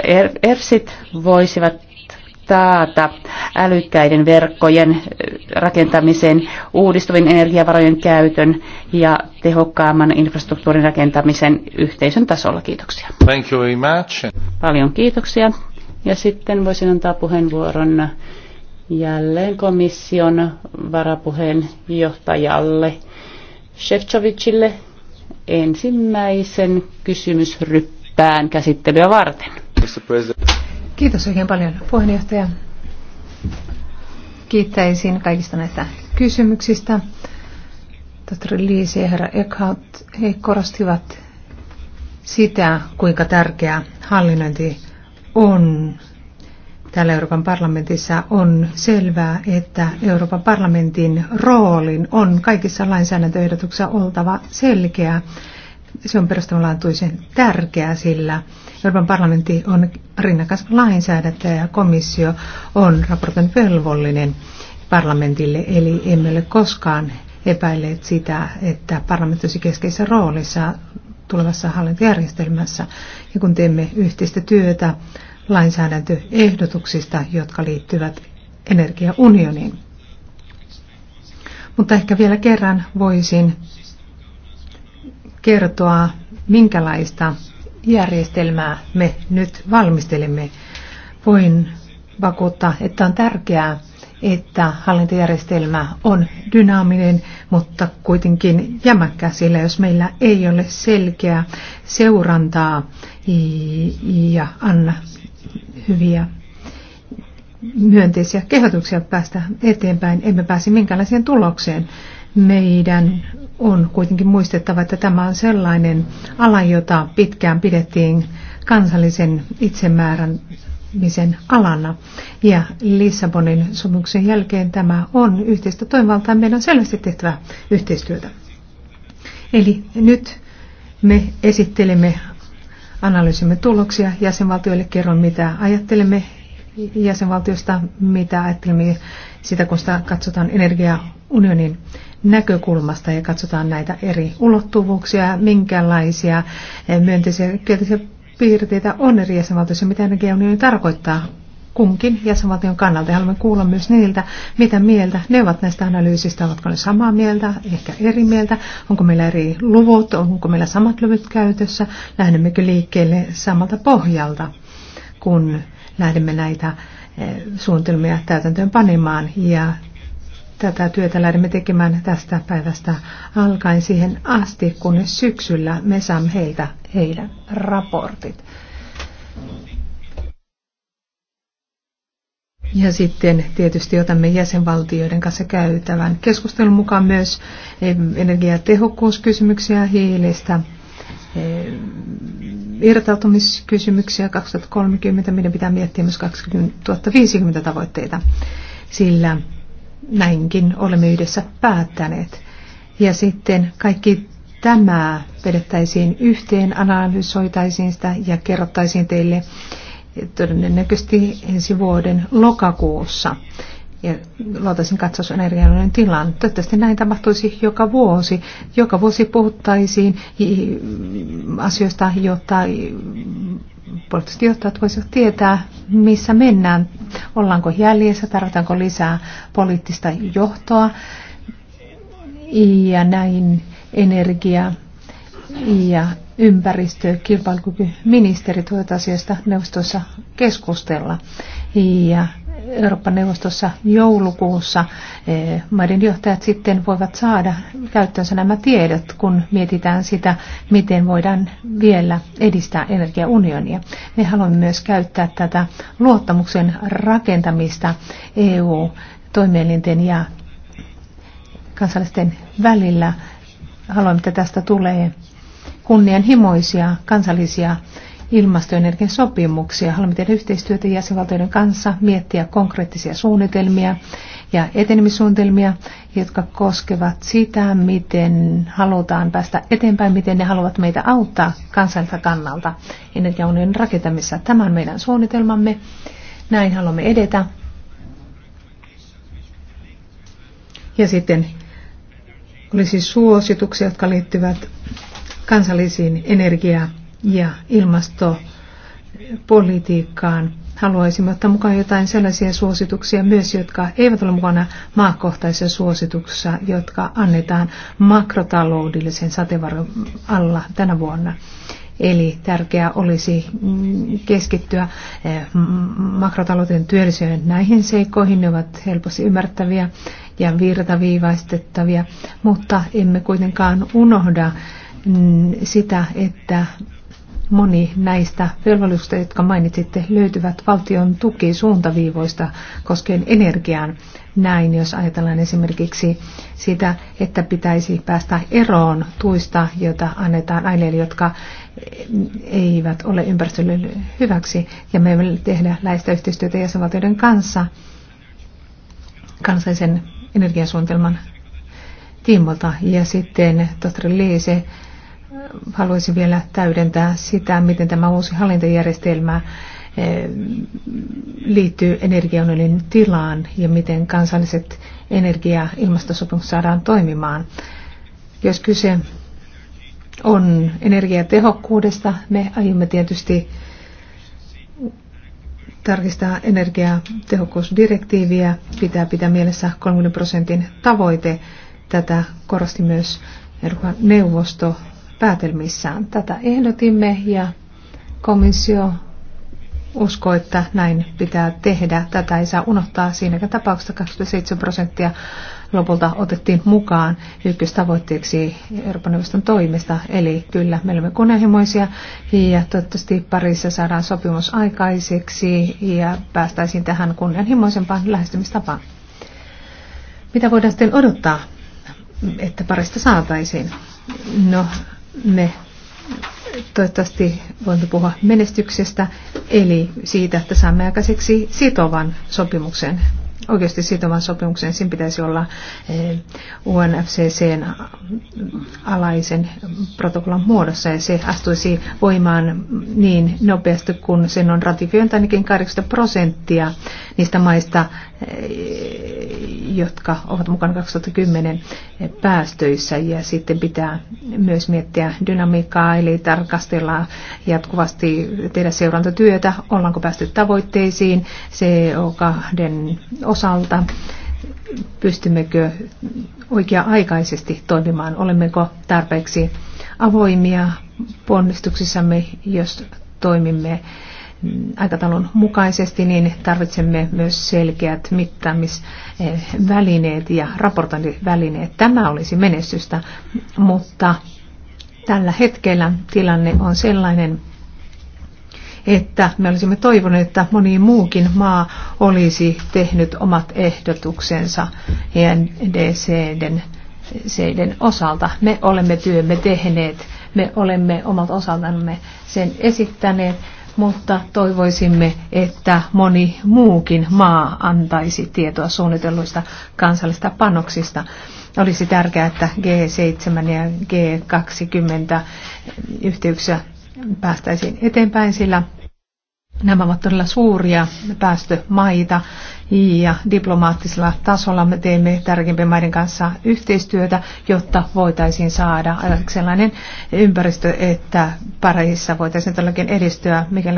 eh, er, ERSit voisivat taata älykkäiden verkkojen rakentamisen, uudistuvien energiavarojen käytön ja tehokkaamman infrastruktuurin rakentamisen yhteisön tasolla. Kiitoksia. Thank you very much. Paljon kiitoksia. Ja sitten voisin antaa puheenvuoron jälleen komission varapuheenjohtajalle Shevchovicille ensimmäisen kysymysryppään käsittelyä varten. Kiitos oikein paljon puheenjohtaja. Kiittäisin kaikista näistä kysymyksistä. Tohtori Liisi ja herra Eckhout he korostivat sitä, kuinka tärkeä hallinnointi on. Täällä Euroopan parlamentissa on selvää, että Euroopan parlamentin roolin on kaikissa lainsäädäntöehdotuksissa oltava selkeä. Se on perustavanlaatuisen tärkeä, sillä Euroopan parlamentti on rinnakas lainsäädäntäjä ja komissio on raportin velvollinen parlamentille, eli emme ole koskaan epäilleet sitä, että parlamentti olisi keskeisessä roolissa tulevassa hallintojärjestelmässä. Ja kun teemme yhteistä työtä lainsäädäntöehdotuksista, jotka liittyvät energiaunioniin. Mutta ehkä vielä kerran voisin kertoa, minkälaista järjestelmää me nyt valmistelemme. Voin vakuuttaa, että on tärkeää, että hallintajärjestelmä on dynaaminen, mutta kuitenkin jämäkkä, sillä jos meillä ei ole selkeää seurantaa ja anna hyviä myönteisiä kehotuksia päästä eteenpäin, emme pääse minkäänlaiseen tulokseen meidän on kuitenkin muistettava, että tämä on sellainen ala, jota pitkään pidettiin kansallisen itsemääräämisen alana. Ja Lissabonin sopimuksen jälkeen tämä on yhteistä toimivaltaa. Meidän on selvästi tehtävä yhteistyötä. Eli nyt me esittelemme, analyysimme tuloksia jäsenvaltioille, kerron mitä ajattelemme jäsenvaltiosta, mitä ajattelemme sitä, kun sitä katsotaan energiaa unionin näkökulmasta ja katsotaan näitä eri ulottuvuuksia, minkälaisia eh, myönteisiä kielteisiä piirteitä on eri jäsenvaltioissa, mitä unioni tarkoittaa kunkin jäsenvaltion kannalta. Ja haluamme kuulla myös niiltä, mitä mieltä ne ovat näistä analyysistä. Ovatko ne samaa mieltä, ehkä eri mieltä? Onko meillä eri luvut? Onko meillä samat luvut käytössä? Lähdemmekö liikkeelle samalta pohjalta, kun lähdemme näitä eh, suunnitelmia täytäntöön panemaan? Ja tätä työtä lähdemme tekemään tästä päivästä alkaen siihen asti, kun syksyllä me saamme heiltä heidän raportit. Ja sitten tietysti otamme jäsenvaltioiden kanssa käytävän keskustelun mukaan myös energiatehokkuuskysymyksiä hiilistä, irtautumiskysymyksiä 2030, meidän pitää miettiä myös 2050 tavoitteita, sillä näinkin olemme yhdessä päättäneet. Ja sitten kaikki tämä vedettäisiin yhteen, analysoitaisiin sitä ja kerrottaisiin teille todennäköisesti ensi vuoden lokakuussa. Ja luotaisin katsausenergian tilan. Toivottavasti näin tapahtuisi joka vuosi. Joka vuosi puhuttaisiin asioista, jotta poliittiset johtajat voisivat tietää, missä mennään, ollaanko jäljessä, tarvitaanko lisää poliittista johtoa ja näin energia ja ympäristö- ja kilpailukykyministerit voivat asiasta neuvostossa keskustella. Ja Euroopan neuvostossa joulukuussa eh, maiden johtajat sitten voivat saada käyttöönsä nämä tiedot, kun mietitään sitä, miten voidaan vielä edistää energiaunionia. Me haluamme myös käyttää tätä luottamuksen rakentamista EU-toimielinten ja kansallisten välillä. Haluamme, että tästä tulee kunnianhimoisia kansallisia ilmastoenergian sopimuksia. Haluamme tehdä yhteistyötä jäsenvaltioiden kanssa, miettiä konkreettisia suunnitelmia ja etenemissuunnitelmia, jotka koskevat sitä, miten halutaan päästä eteenpäin, miten ne haluavat meitä auttaa kansalta kannalta energiaunion rakentamisessa. Tämä on meidän suunnitelmamme. Näin haluamme edetä. Ja sitten olisi suosituksia, jotka liittyvät kansallisiin energiaa ja ilmastopolitiikkaan. Haluaisimme ottaa mukaan jotain sellaisia suosituksia myös, jotka eivät ole mukana maakohtaisissa suosituksissa, jotka annetaan makrotaloudellisen sateenvarjon alla tänä vuonna. Eli tärkeää olisi keskittyä eh, makrotalouden työllisyyden näihin seikkoihin. Ne ovat helposti ymmärtäviä ja virtaviivaistettavia, mutta emme kuitenkaan unohda mm, sitä, että Moni näistä velvollisuuksista, jotka mainitsitte, löytyvät valtion tukisuuntaviivoista koskien energiaan. Näin, jos ajatellaan esimerkiksi sitä, että pitäisi päästä eroon tuista, joita annetaan aineille, jotka eivät ole ympäristölle hyväksi. Ja me emme tehdä läistä yhteistyötä jäsenvaltioiden kanssa kansallisen energiasuunnitelman tiimolta. Ja sitten tohtori Liise haluaisin vielä täydentää sitä, miten tämä uusi hallintajärjestelmä eh, liittyy energiaunionin tilaan ja miten kansalliset energia- ja ilmastosopimukset saadaan toimimaan. Jos kyse on energiatehokkuudesta, me aiomme tietysti tarkistaa energiatehokkuusdirektiiviä, pitää pitää mielessä 30 prosentin tavoite. Tätä korosti myös Euroopan neuvosto päätelmissään. Tätä ehdotimme ja komissio usko, että näin pitää tehdä. Tätä ei saa unohtaa siinäkään tapauksessa 27 prosenttia lopulta otettiin mukaan ykköstavoitteeksi Euroopan neuvoston toimista. Eli kyllä, me olemme kunnianhimoisia ja toivottavasti parissa saadaan sopimus aikaiseksi ja päästäisiin tähän kunnianhimoisempaan lähestymistapaan. Mitä voidaan sitten odottaa, että parista saataisiin? No, me toivottavasti voimme puhua menestyksestä, eli siitä, että saamme aikaiseksi sitovan sopimuksen. Oikeasti sitovan sopimuksen, siinä pitäisi olla eh, UNFCCn alaisen protokollan muodossa, ja se astuisi voimaan niin nopeasti, kun sen on ratifioinut ainakin 80 prosenttia niistä maista, jotka ovat mukana 2010 päästöissä ja sitten pitää myös miettiä dynamiikkaa eli tarkastella jatkuvasti tehdä seurantatyötä, ollaanko päästy tavoitteisiin CO2 osalta, pystymmekö oikea-aikaisesti toimimaan, olemmeko tarpeeksi avoimia ponnistuksissamme, jos toimimme Mm, aikataulun mukaisesti, niin tarvitsemme myös selkeät mittaamisvälineet ja raportointivälineet. Tämä olisi menestystä, mutta tällä hetkellä tilanne on sellainen, että me olisimme toivoneet, että moni muukin maa olisi tehnyt omat ehdotuksensa NDCden osalta. Me olemme työmme tehneet, me olemme omat osaltamme sen esittäneet mutta toivoisimme, että moni muukin maa antaisi tietoa suunnitelluista kansallista panoksista. Olisi tärkeää, että G7 ja G20 yhteyksiä päästäisiin eteenpäin, sillä Nämä ovat todella suuria päästömaita ja diplomaattisella tasolla me teemme tärkeimpien maiden kanssa yhteistyötä, jotta voitaisiin saada sellainen ympäristö, että Pariisissa voitaisiin todellakin edistyä. Mikäli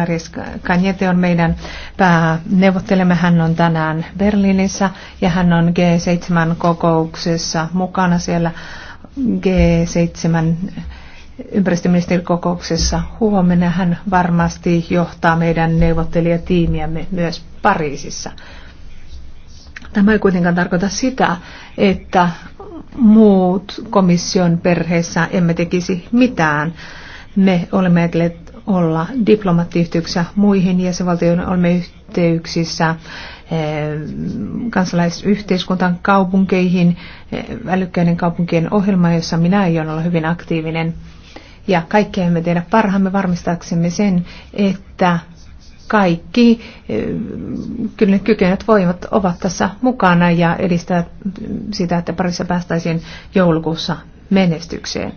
Kanjete on meidän pääneuvottelemme, hän on tänään Berliinissä ja hän on G7-kokouksessa mukana siellä G7 ympäristöministerikokouksessa huomenna. Hän varmasti johtaa meidän neuvottelijatiimiämme myös Pariisissa. Tämä ei kuitenkaan tarkoita sitä, että muut komission perheessä emme tekisi mitään. Me olemme ajatelleet olla diplomaattiyhteyksissä muihin jäsenvaltioihin, olemme yhteyksissä eh, kansalaisyhteiskuntaan kaupunkeihin, eh, älykkäiden kaupunkien ohjelma, jossa minä aion olla hyvin aktiivinen – ja kaikkea emme tehdä parhaamme varmistaaksemme sen, että kaikki eh, kyllä ne kykenevät voimat ovat tässä mukana ja edistää sitä, että parissa päästäisiin joulukuussa menestykseen.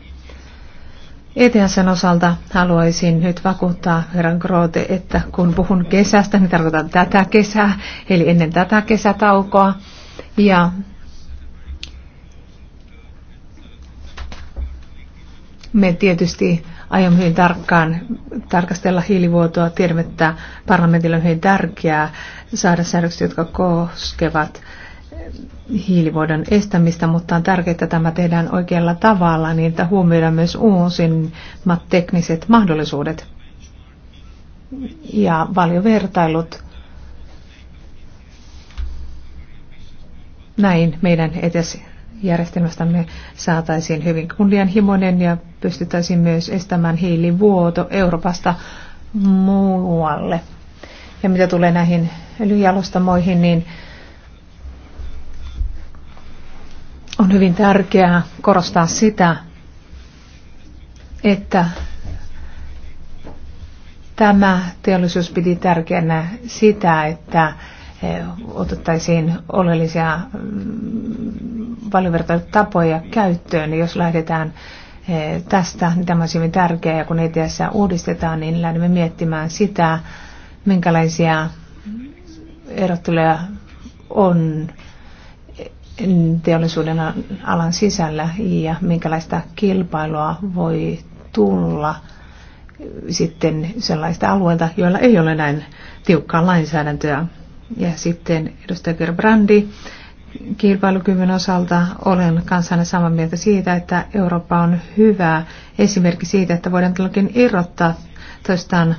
ETSn osalta haluaisin nyt vakuuttaa herran Groote, että kun puhun kesästä, niin tarkoitan tätä kesää, eli ennen tätä kesätaukoa. Ja Me tietysti aion hyvin tarkkaan tarkastella hiilivuotoa. Tiedämme, että parlamentilla on hyvin tärkeää saada säädöksiä, jotka koskevat hiilivuodon estämistä, mutta on tärkeää, että tämä tehdään oikealla tavalla, niin että huomioidaan myös uusimmat tekniset mahdollisuudet ja valiovertailut. Näin meidän etesi järjestelmästämme saataisiin hyvin kunnianhimoinen ja pystyttäisiin myös estämään hiilivuoto Euroopasta muualle. Ja mitä tulee näihin öljyjalostamoihin, niin on hyvin tärkeää korostaa sitä, että tämä teollisuus piti tärkeänä sitä, että otettaisiin oleellisia mm, tapoja käyttöön. niin Jos lähdetään eh, tästä, niin tämä on hyvin tärkeää, ja kun ETS uudistetaan, niin lähdemme miettimään sitä, minkälaisia erotteluja on teollisuuden alan sisällä ja minkälaista kilpailua voi tulla sitten sellaista alueelta, joilla ei ole näin tiukkaa lainsäädäntöä. Ja sitten edustaja Gerbrandi kilpailukyvyn osalta olen kanssanne samaa mieltä siitä, että Eurooppa on hyvä esimerkki siitä, että voidaan todellakin irrottaa toistaan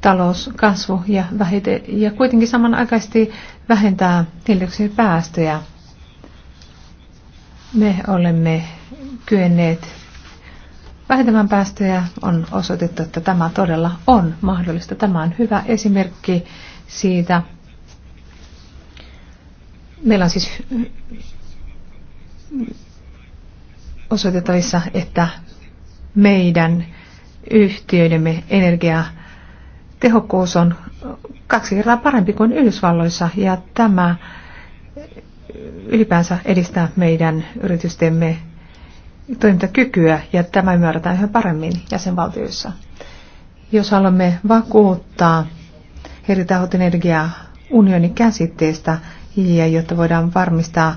talouskasvu ja, vähite, ja kuitenkin samanaikaisesti vähentää hiilidioksidipäästöjä. Me olemme kyenneet vähentämään päästöjä. On osoitettu, että tämä todella on mahdollista. Tämä on hyvä esimerkki siitä. Meillä on siis osoitettavissa, että meidän yhtiöidemme energiatehokkuus on kaksi kertaa parempi kuin Yhdysvalloissa ja tämä ylipäänsä edistää meidän yritystemme toimintakykyä ja tämä ymmärretään yhä paremmin jäsenvaltioissa. Jos haluamme vakuuttaa eri tahot unionin käsitteestä ja jotta voidaan varmistaa,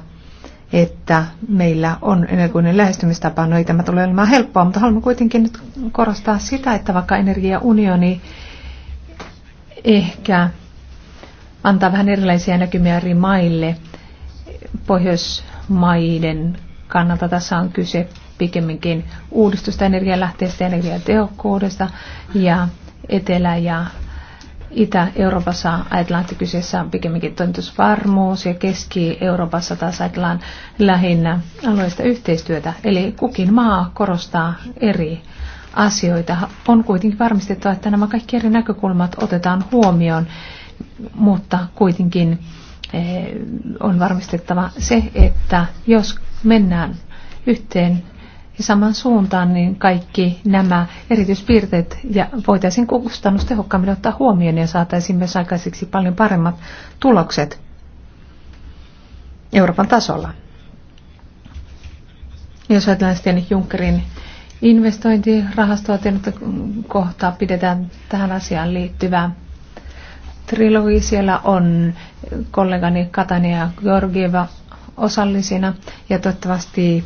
että meillä on energiaunionin lähestymistapa. No ei tämä tule olemaan helppoa, mutta haluan kuitenkin nyt korostaa sitä, että vaikka energiaunioni ehkä antaa vähän erilaisia näkymiä eri maille, Pohjoismaiden kannalta tässä on kyse pikemminkin uudistusta energialähteistä, energiatehokkuudesta ja Etelä- ja Itä-Euroopassa ajatellaan, että kyseessä on pikemminkin toimitusvarmuus ja Keski-Euroopassa taas ajatellaan lähinnä alueista yhteistyötä. Eli kukin maa korostaa eri asioita. On kuitenkin varmistettava, että nämä kaikki eri näkökulmat otetaan huomioon, mutta kuitenkin eh, on varmistettava se, että jos mennään yhteen saman suuntaan, niin kaikki nämä erityispiirteet ja voitaisiin kustannustehokkaammin ottaa huomioon ja saataisiin myös aikaiseksi paljon paremmat tulokset Euroopan tasolla. Jos ajatellaan sitten Junckerin investointirahastoa, että kohtaa pidetään tähän asiaan liittyvää trilogi. Siellä on kollegani Katania ja Georgieva osallisina ja toivottavasti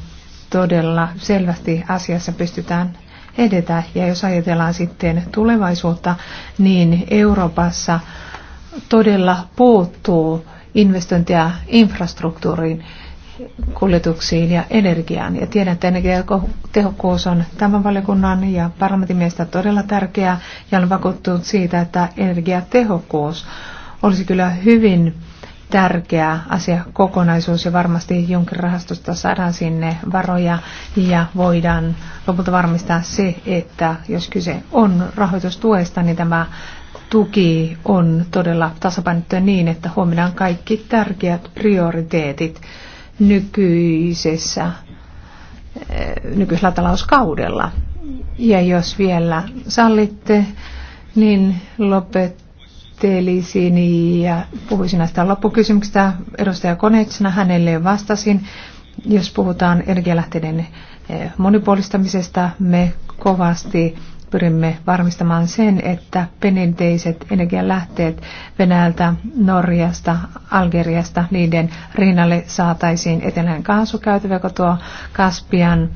todella selvästi asiassa pystytään edetä. Ja jos ajatellaan sitten tulevaisuutta, niin Euroopassa todella puuttuu investointia infrastruktuuriin, kuljetuksiin ja energiaan. Ja tiedän, että energiatehokkuus on tämän valiokunnan ja parlamentin mielestä todella tärkeää ja olen vakuuttunut siitä, että energiatehokkuus olisi kyllä hyvin tärkeä asia kokonaisuus ja varmasti jonkin rahastosta saadaan sinne varoja ja voidaan lopulta varmistaa se, että jos kyse on rahoitustuesta, niin tämä tuki on todella tasapainottu niin, että huomioidaan kaikki tärkeät prioriteetit nykyisessä, eh, nykyisellä talouskaudella. Ja jos vielä sallitte, niin lopet aloittelisin ja puhuisin näistä loppukysymyksistä. Edustaja Konetsina hänelle vastasin. Jos puhutaan energialähteiden eh, monipuolistamisesta, me kovasti pyrimme varmistamaan sen, että penenteiset energialähteet Venäjältä, Norjasta, Algeriasta, niiden rinnalle saataisiin etelän kaasukäytävä, joka tuo Kaspian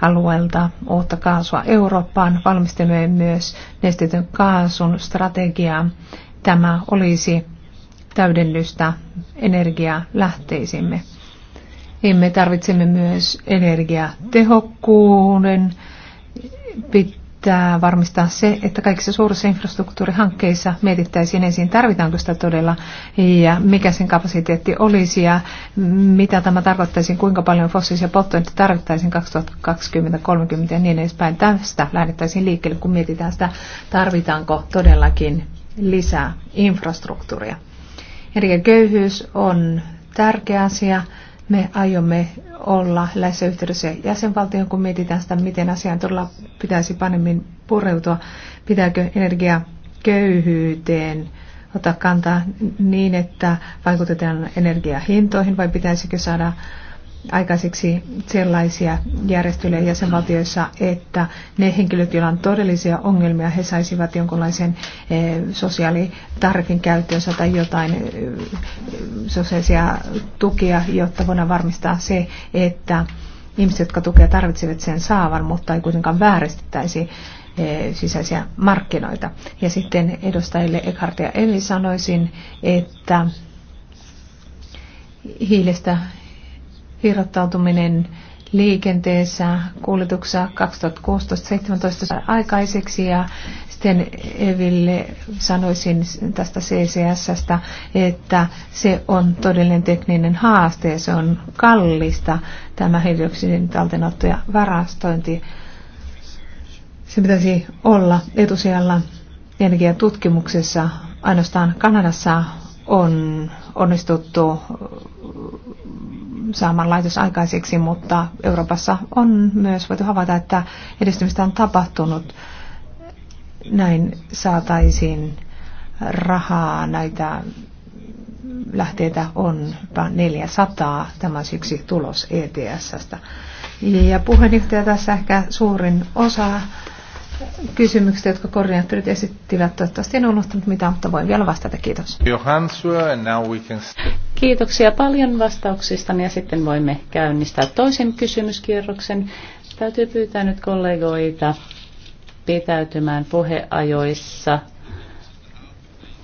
alueelta uutta kaasua Eurooppaan. Valmistelemme myös nestetyn kaasun strategiaa tämä olisi täydellystä energiaa lähteisimme. Me tarvitsemme myös energiatehokkuuden. Pitää varmistaa se, että kaikissa suurissa infrastruktuurihankkeissa mietittäisiin ensin, tarvitaanko sitä todella ja mikä sen kapasiteetti olisi ja mitä tämä tarkoittaisi, kuinka paljon fossiilisia polttoaineita tarvittaisiin 2020, 30 ja niin edespäin. Tästä lähdettäisiin liikkeelle, kun mietitään sitä, tarvitaanko todellakin lisää infrastruktuuria. Eli köyhyys on tärkeä asia. Me aiomme olla läheisessä yhteydessä jäsenvaltioon, kun mietitään sitä, miten asiaan todella pitäisi paremmin pureutua. Pitääkö energia köyhyyteen ottaa kantaa niin, että vaikutetaan energiahintoihin vai pitäisikö saada aikaiseksi sellaisia järjestöjä jäsenvaltioissa, että ne henkilöt, joilla on todellisia ongelmia, he saisivat jonkinlaisen eh, sosiaalitarkin käyttöönsä tai jotain eh, sosiaalisia tukia, jotta voidaan varmistaa se, että ihmiset, jotka tukea tarvitsevat, sen saavan, mutta ei kuitenkaan vääristettäisi eh, sisäisiä markkinoita. Ja sitten edustajille Eckhart ja Elli sanoisin, että hiilestä irrottautuminen liikenteessä kuljetuksessa 2016-2017 aikaiseksi ja sitten Eville sanoisin tästä CCS, että se on todellinen tekninen haaste, ja se on kallista tämä hiilidioksidin talteenotto ja varastointi. Se pitäisi olla etusijalla energiatutkimuksessa. Ainoastaan Kanadassa on onnistuttu saamaan laitos aikaiseksi, mutta Euroopassa on myös voitu havaita, että edistymistä on tapahtunut. Näin saataisiin rahaa näitä lähteitä on 400. Tämä syksy tulos e tulos stä Ja puheenjohtaja tässä ehkä suurin osa kysymyksistä, jotka koordinaattorit esittivät. Toivottavasti en unohtanut mitään, mutta voin vielä vastata. Kiitos. Kiitoksia paljon vastauksista ja sitten voimme käynnistää toisen kysymyskierroksen. Täytyy pyytää nyt kollegoita pitäytymään puheajoissa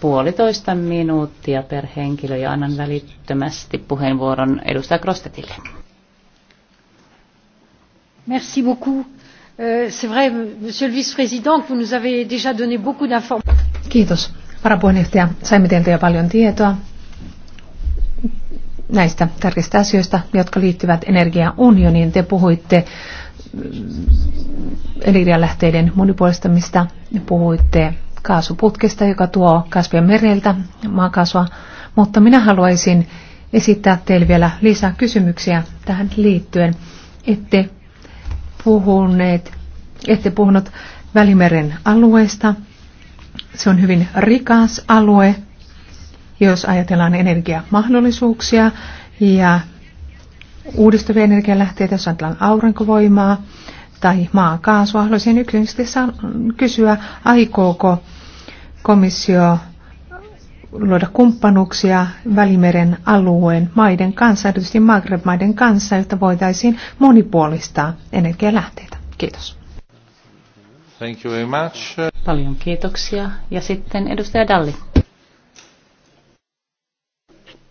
puolitoista minuuttia per henkilö ja annan välittömästi puheenvuoron edustaja Krostetille. Merci beaucoup. Euh, c'est vrai, monsieur le vice-président, que vous nous avez déjà donné beaucoup d'informations. Kiitos, varapuheenjohtaja. Saimme teiltä jo paljon tietoa näistä tärkeistä asioista, jotka liittyvät energiaunioniin. Te puhuitte mm, energialähteiden monipuolistamista, puhuitte kaasuputkesta, joka tuo kasvien mereltä maakaasua, mutta minä haluaisin esittää teille vielä lisää kysymyksiä tähän liittyen. Ette puhuneet, ette puhunut Välimeren alueesta. Se on hyvin rikas alue, jos ajatellaan energiamahdollisuuksia ja uudistuvia energialähteitä, jos ajatellaan aurinkovoimaa tai maakaasua. Haluaisin yksinkertaisesti kysyä, aikooko komissio luoda kumppanuuksia Välimeren alueen maiden kanssa, erityisesti Maghreb-maiden kanssa, jotta voitaisiin monipuolistaa energialähteitä. Kiitos. Thank you very much. Paljon kiitoksia. Ja sitten edustaja Dalli.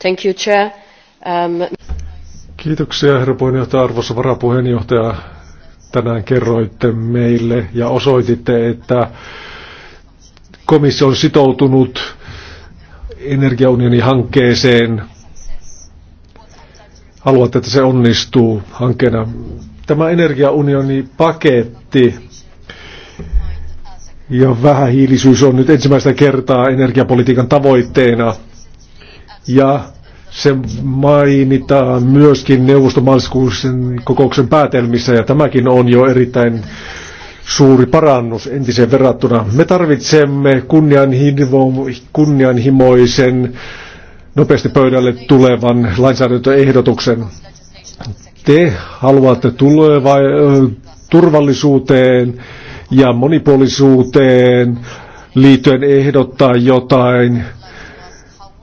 Thank you, Chair. Um... Kiitoksia, herra puheenjohtaja, arvoisa varapuheenjohtaja. Tänään kerroitte meille ja osoititte, että komissio on sitoutunut energiaunionihankkeeseen. Haluatte, että se onnistuu hankkeena. Tämä energiaunionipaketti ja vähähiilisyys on nyt ensimmäistä kertaa energiapolitiikan tavoitteena. Ja se mainitaan myöskin neuvoston kokouksen päätelmissä, ja tämäkin on jo erittäin suuri parannus entiseen verrattuna. Me tarvitsemme kunnianhimoisen, nopeasti pöydälle tulevan lainsäädäntöehdotuksen. Te haluatte tuleva, turvallisuuteen ja monipuolisuuteen liittyen ehdottaa jotain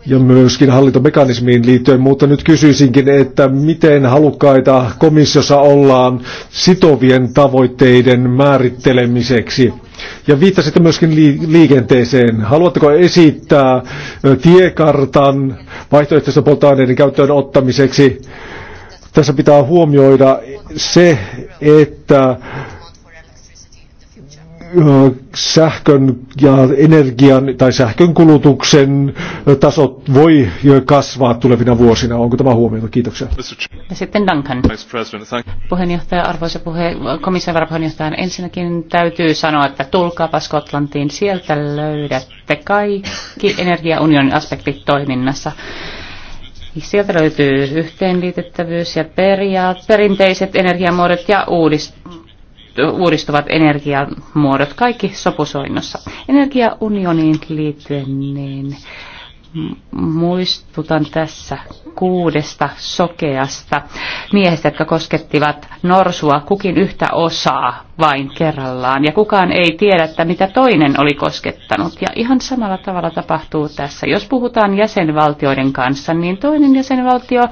ja myöskin hallintomekanismiin liittyen, mutta nyt kysyisinkin, että miten halukkaita komissiossa ollaan sitovien tavoitteiden määrittelemiseksi. Ja viittasitte myöskin liikenteeseen. Haluatteko esittää tiekartan vaihtoehtoisten polttoaineiden käyttöön ottamiseksi? Tässä pitää huomioida se, että sähkön ja energian tai sähkön kulutuksen tasot voi kasvaa tulevina vuosina. Onko tämä huomioitu? Kiitoksia. Ja sitten Duncan. Puheenjohtaja, arvoisa puhe, komission varapuheenjohtaja, ensinnäkin täytyy sanoa, että tulkaapa Skotlantiin. Sieltä löydätte kaikki energiaunionin aspektit toiminnassa. Sieltä löytyy yhteenliitettävyys ja perinteiset energiamuodot ja uudistukset uudistuvat energiamuodot, kaikki sopusoinnossa. Energiaunioniin liittyen niin muistutan tässä kuudesta sokeasta miehestä, jotka koskettivat norsua kukin yhtä osaa vain kerrallaan. Ja kukaan ei tiedä, että mitä toinen oli koskettanut. Ja ihan samalla tavalla tapahtuu tässä. Jos puhutaan jäsenvaltioiden kanssa, niin toinen jäsenvaltio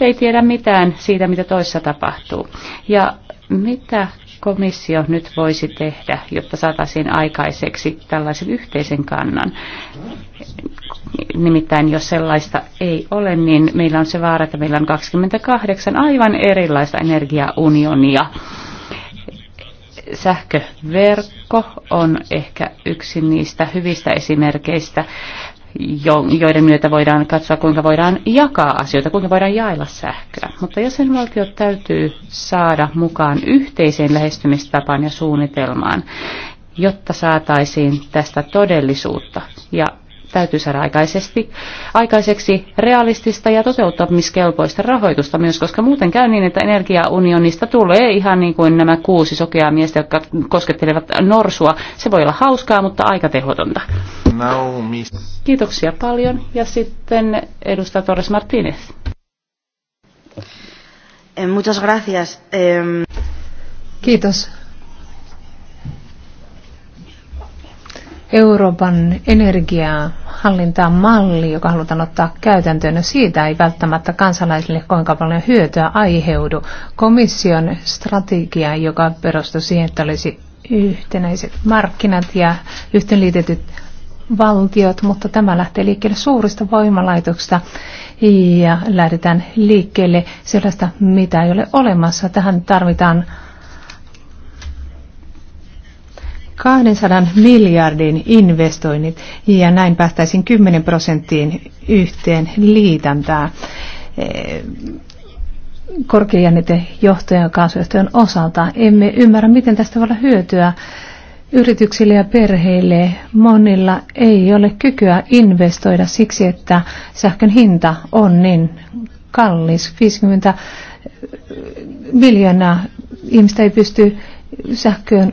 ei tiedä mitään siitä, mitä toissa tapahtuu. Ja mitä komissio nyt voisi tehdä, jotta saataisiin aikaiseksi tällaisen yhteisen kannan? Nimittäin jos sellaista ei ole, niin meillä on se vaara, että meillä on 28 aivan erilaista energiaunionia sähköverkko on ehkä yksi niistä hyvistä esimerkeistä joiden myötä voidaan katsoa, kuinka voidaan jakaa asioita, kuinka voidaan jaella sähköä. Mutta jäsenvaltiot täytyy saada mukaan yhteiseen lähestymistapaan ja suunnitelmaan, jotta saataisiin tästä todellisuutta ja täytyy saada aikaisesti, aikaiseksi realistista ja toteuttamiskelpoista rahoitusta myös, koska muuten käy niin, että energiaunionista tulee ihan niin kuin nämä kuusi sokeaa miestä, jotka koskettelevat norsua. Se voi olla hauskaa, mutta aika tehotonta. Naomi. Kiitoksia paljon. Ja sitten edustaja Torres Martínez. Eh, muchas gracias. Eh, Kiitos. Euroopan energiahallintaan hallintaan malli, joka halutaan ottaa käytäntöön, no siitä ei välttämättä kansalaisille kuinka paljon hyötyä aiheudu. Komission strategia, joka perustui siihen, että olisi yhtenäiset markkinat ja yhteenliitetyt valtiot, mutta tämä lähtee liikkeelle suurista voimalaitoksista ja lähdetään liikkeelle sellaista, mitä ei ole olemassa. Tähän tarvitaan 200 miljardin investoinnit ja näin päästäisiin 10 prosenttiin yhteen liitäntää eh, korkeajännitejohtajan ja kaasujohtajan osalta. Emme ymmärrä, miten tästä voi olla hyötyä yrityksille ja perheille. Monilla ei ole kykyä investoida siksi, että sähkön hinta on niin kallis. 50 eh, miljoonaa ihmistä ei pysty sähköön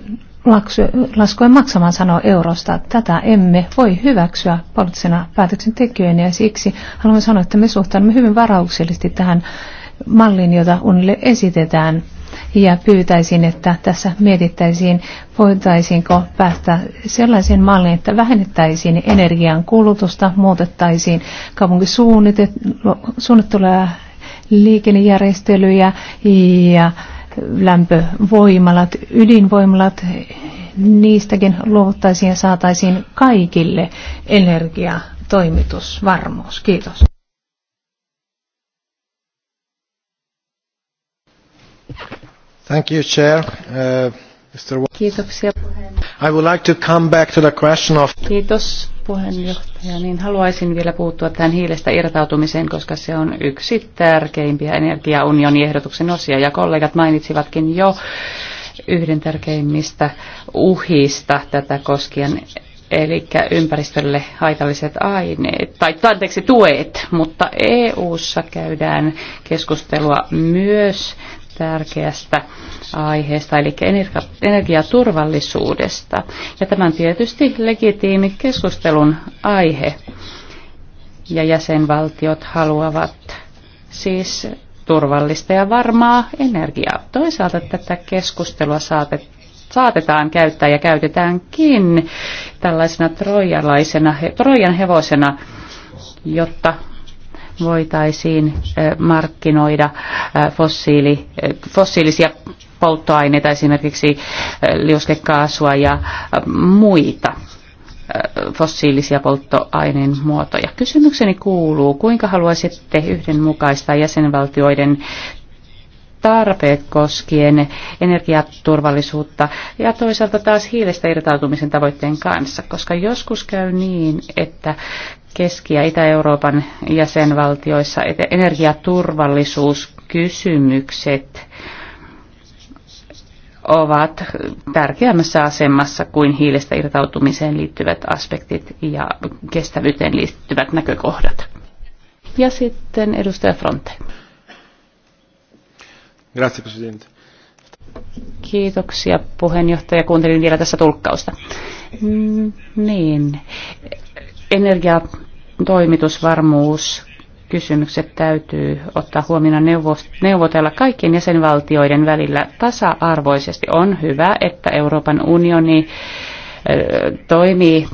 laskujen maksamaan, sanoo eurosta. Tätä emme voi hyväksyä poliittisena päätöksentekijöinä ja siksi haluamme sanoa, että me suhtaudumme hyvin varauksellisesti tähän malliin, jota unille esitetään. Ja pyytäisin, että tässä mietittäisiin, voitaisiinko päästä sellaiseen malliin, että vähennettäisiin energian kulutusta, muutettaisiin kaupunkisuunnitteluja, liikennejärjestelyjä ja lämpövoimalat, ydinvoimalat, niistäkin luovuttaisiin ja saataisiin kaikille energiatoimitusvarmuus. Kiitos. Thank you, Chair. Uh... Kiitoksia. I would like to come back to the question of... Kiitos puheenjohtaja. Niin haluaisin vielä puuttua tähän hiilestä irtautumiseen, koska se on yksi tärkeimpiä energiaunionin ehdotuksen osia. Ja kollegat mainitsivatkin jo yhden tärkeimmistä uhista tätä koskien eli ympäristölle haitalliset aineet, tai anteeksi tuet, mutta EU-ssa käydään keskustelua myös tärkeästä aiheesta, eli energiaturvallisuudesta. Ja tämä on tietysti legitiimi keskustelun aihe. Ja jäsenvaltiot haluavat siis turvallista ja varmaa energiaa. Toisaalta tätä keskustelua saatet, saatetaan käyttää ja käytetäänkin tällaisena trojan hevosena, jotta voitaisiin markkinoida fossiili, fossiilisia polttoaineita, esimerkiksi liuskekaasua ja muita fossiilisia polttoaineen muotoja. Kysymykseni kuuluu, kuinka haluaisitte yhdenmukaistaa jäsenvaltioiden tarpeet koskien energiaturvallisuutta ja toisaalta taas hiilestä irtautumisen tavoitteen kanssa, koska joskus käy niin, että Keski- ja Itä-Euroopan jäsenvaltioissa energiaturvallisuuskysymykset ovat tärkeämmässä asemassa kuin hiilestä irtautumiseen liittyvät aspektit ja kestävyyteen liittyvät näkökohdat. Ja sitten edustaja Fronte. Grazie, Presidente. Kiitoksia puheenjohtaja. Kuuntelin vielä tässä tulkkausta. Mm, niin energiatoimitusvarmuus kysymykset täytyy ottaa huomioon neuvotella kaikkien jäsenvaltioiden välillä tasa-arvoisesti. On hyvä, että Euroopan unioni toimii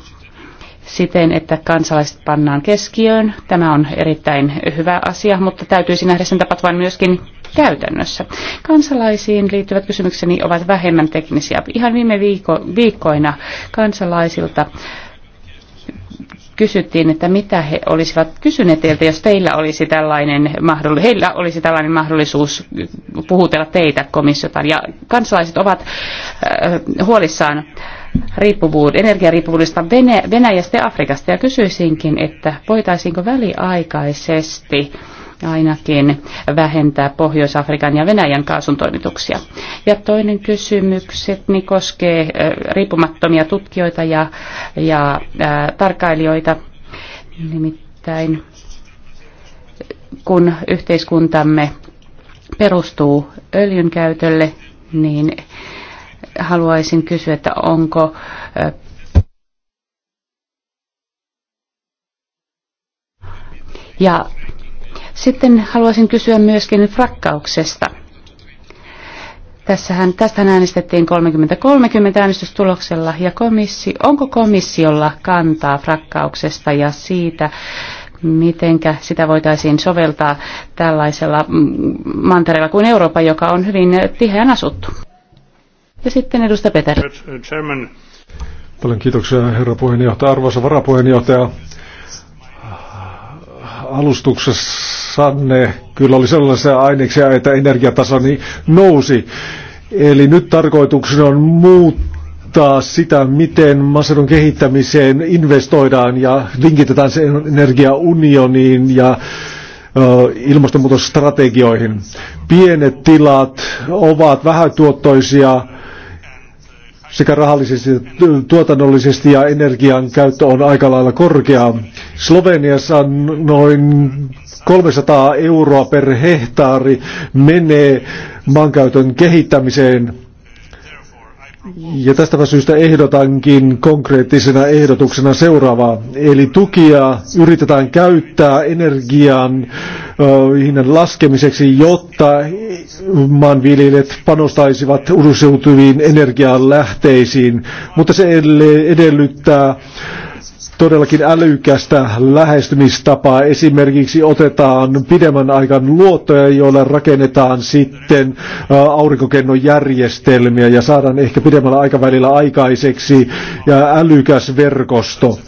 siten, että kansalaiset pannaan keskiöön. Tämä on erittäin hyvä asia, mutta täytyisi nähdä sen vain myöskin käytännössä. Kansalaisiin liittyvät kysymykseni ovat vähemmän teknisiä. Ihan viime viikko, viikkoina kansalaisilta kysyttiin, että mitä he olisivat kysyneet teiltä, jos teillä olisi tällainen mahdollisuus, heillä olisi tällainen mahdollisuus puhutella teitä komissiota. Ja kansalaiset ovat äh, huolissaan riippuvuud, energiariippuvuudesta Venäjästä ja Afrikasta. Ja kysyisinkin, että voitaisiinko väliaikaisesti ainakin vähentää Pohjois-Afrikan ja Venäjän kaasun toimituksia. Ja toinen kysymys, niin koskee riippumattomia tutkijoita ja, ja ää, tarkkailijoita. Nimittäin kun yhteiskuntamme perustuu öljyn käytölle, niin haluaisin kysyä, että onko ja sitten haluaisin kysyä myöskin frakkauksesta. Tässähän, tästähän äänestettiin 30-30 äänestystuloksella ja komissi, onko komissiolla kantaa frakkauksesta ja siitä, miten sitä voitaisiin soveltaa tällaisella mm, mantereella kuin Eurooppa, joka on hyvin tiheän asuttu. Ja sitten edustaja Peter. Paljon kiitoksia herra puheenjohtaja, arvoisa varapuheenjohtaja ne kyllä oli sellaisia aineksia, että energiatasoni nousi. Eli nyt tarkoituksena on muuttaa sitä, miten maaseudun kehittämiseen investoidaan ja linkitetään se energiaunioniin ja ilmastonmuutosstrategioihin. Pienet tilat ovat vähätuottoisia sekä rahallisesti tuotannollisesti ja energian käyttö on aika lailla korkea. Sloveniassa noin 300 euroa per hehtaari menee maankäytön kehittämiseen. Ja tästä syystä ehdotankin konkreettisena ehdotuksena seuraavaa. Eli tukia yritetään käyttää energian äh, hinnan laskemiseksi, jotta maanviljelijät panostaisivat uusiutuviin energialähteisiin. mutta se edellyttää todellakin älykästä lähestymistapaa. Esimerkiksi otetaan pidemmän aikan luottoja, joilla rakennetaan sitten aurinkokennojärjestelmiä ja saadaan ehkä pidemmällä aikavälillä aikaiseksi ja älykäs verkosto.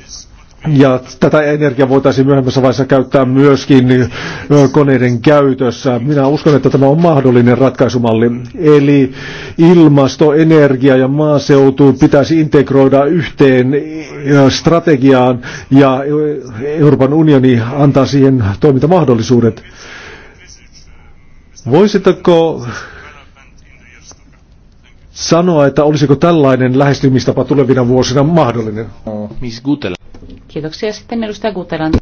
Ja tätä energiaa voitaisiin myöhemmässä vaiheessa käyttää myöskin koneiden käytössä. Minä uskon, että tämä on mahdollinen ratkaisumalli. Eli ilmasto, energia ja maaseutu pitäisi integroida yhteen strategiaan ja Euroopan unioni antaa siihen toimintamahdollisuudet. Voisitteko sanoa, että olisiko tällainen lähestymistapa tulevina vuosina mahdollinen? Miss Gutela. Kiitoksia sitten edustaja Guteland.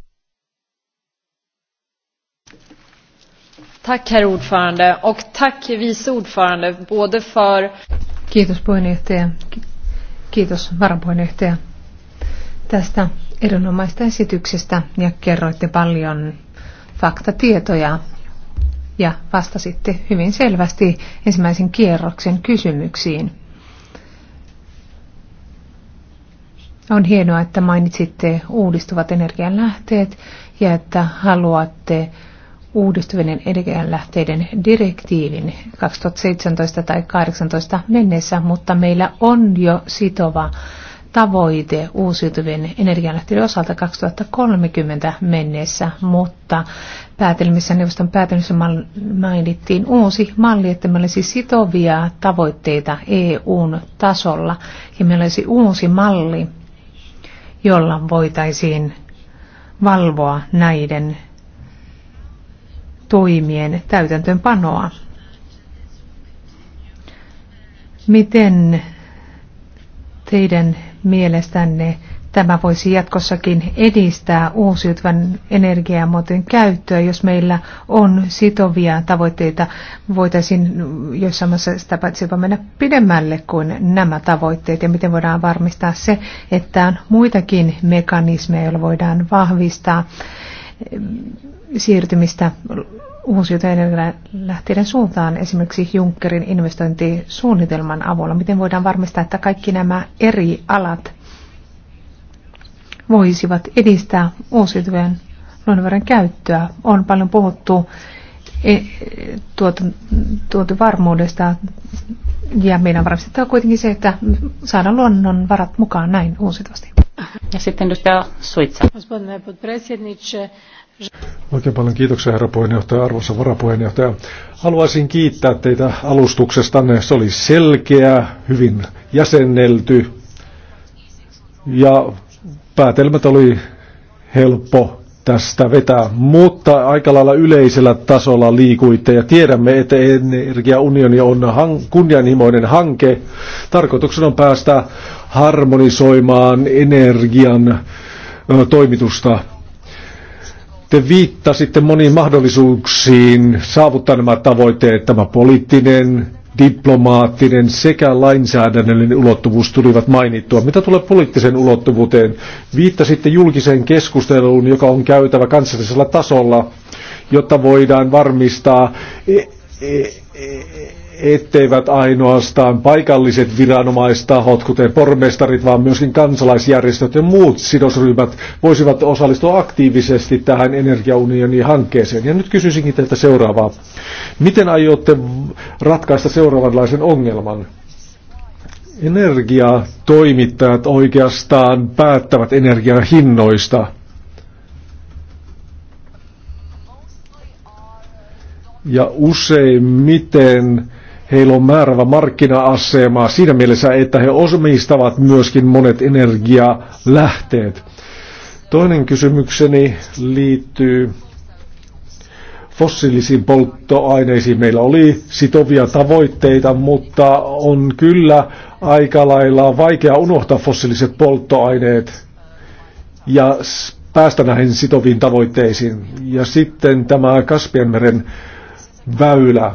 Tack herr ordförande och tack vice ordförande både för... Kiitos puheenjohtaja. Kiitos varapuheenjohtaja tästä erinomaista esityksestä ja kerroitte paljon faktatietoja ja vastasitte hyvin selvästi ensimmäisen kierroksen kysymyksiin. On hienoa, että mainitsitte uudistuvat energianlähteet ja että haluatte uudistuvien energianlähteiden direktiivin 2017 tai 2018 mennessä, mutta meillä on jo sitova tavoite uusiutuvien energianlähteiden osalta 2030 mennessä, mutta päätelmissä, neuvoston päätelmissä mainittiin uusi malli, että meillä olisi sitovia tavoitteita EUn tasolla ja meillä olisi uusi malli jolla voitaisiin valvoa näiden toimien täytäntöönpanoa. Miten teidän mielestänne tämä voisi jatkossakin edistää uusiutuvan energiamuotojen käyttöä, jos meillä on sitovia tavoitteita. Voitaisiin jossain maassa sitä paitsi jopa mennä pidemmälle kuin nämä tavoitteet ja miten voidaan varmistaa se, että on muitakin mekanismeja, joilla voidaan vahvistaa ehm, siirtymistä uusiutuvien lähteiden suuntaan esimerkiksi Junckerin investointisuunnitelman avulla? Miten voidaan varmistaa, että kaikki nämä eri alat voisivat edistää uusiutuvien luonnonvarojen käyttöä. On paljon puhuttu e, tuotevarmuudesta tuota ja meidän varmistetaan kuitenkin se, että saadaan luonnonvarat mukaan näin uusitusti. Ja sitten edustaja Suitsa. Oikein paljon kiitoksia herra puheenjohtaja, arvoisa varapuheenjohtaja. Haluaisin kiittää teitä alustuksestanne. Se oli selkeä, hyvin jäsennelty ja päätelmät oli helppo tästä vetää, mutta aika lailla yleisellä tasolla liikuitte ja tiedämme, että energiaunioni on han- kunnianhimoinen hanke. Tarkoituksena on päästä harmonisoimaan energian ö, toimitusta. Te viittasitte moniin mahdollisuuksiin saavuttaa nämä tavoitteet, tämä poliittinen, diplomaattinen sekä lainsäädännöllinen ulottuvuus tulivat mainittua. Mitä tulee poliittiseen ulottuvuuteen? Viittasitte julkiseen keskusteluun, joka on käytävä kansallisella tasolla, jotta voidaan varmistaa e- e- e- etteivät ainoastaan paikalliset viranomaistahot, kuten pormestarit, vaan myöskin kansalaisjärjestöt ja muut sidosryhmät voisivat osallistua aktiivisesti tähän energiaunionin hankkeeseen. Ja nyt kysyisinkin teiltä seuraavaa. Miten aiotte ratkaista seuraavanlaisen ongelman? Energiatoimittajat oikeastaan päättävät energian hinnoista. Ja useimmiten heillä on määrävä markkina-asema siinä mielessä, että he osmistavat myöskin monet energialähteet. Toinen kysymykseni liittyy fossiilisiin polttoaineisiin. Meillä oli sitovia tavoitteita, mutta on kyllä aika lailla vaikea unohtaa fossiiliset polttoaineet ja päästä näihin sitoviin tavoitteisiin. Ja sitten tämä Kaspianmeren väylä.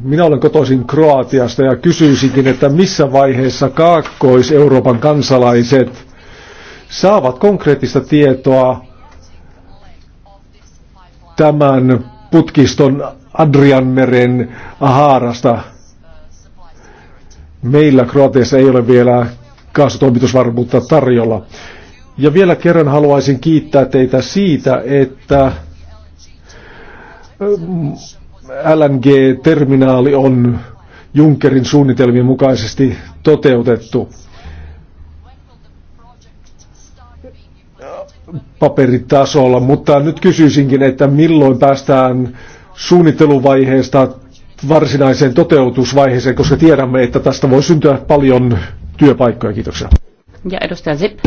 Minä olen kotoisin Kroatiasta ja kysyisinkin, että missä vaiheessa Kaakkois-Euroopan kansalaiset saavat konkreettista tietoa tämän putkiston Adrianmeren haarasta. Meillä Kroatiassa ei ole vielä kaasutoimitusvarmuutta tarjolla. Ja vielä kerran haluaisin kiittää teitä siitä, että LNG-terminaali on Junckerin suunnitelmien mukaisesti toteutettu. paperitasolla, mutta nyt kysyisinkin, että milloin päästään suunnitteluvaiheesta varsinaiseen toteutusvaiheeseen, koska tiedämme, että tästä voi syntyä paljon työpaikkoja. Kiitoksia. Ja edustaja Zip.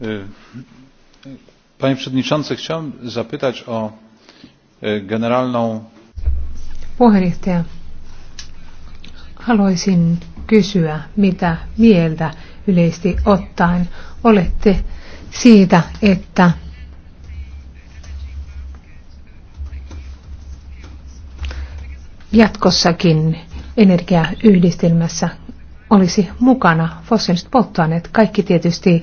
Eh, Panie Przewodniczący, chciałem zapytać o e, generalną... Puheenjohtaja, haluaisin kysyä, mitä mieltä yleisesti ottaen olette siitä, että jatkossakin energiayhdistelmässä olisi mukana fossiiliset polttoaineet. Kaikki tietysti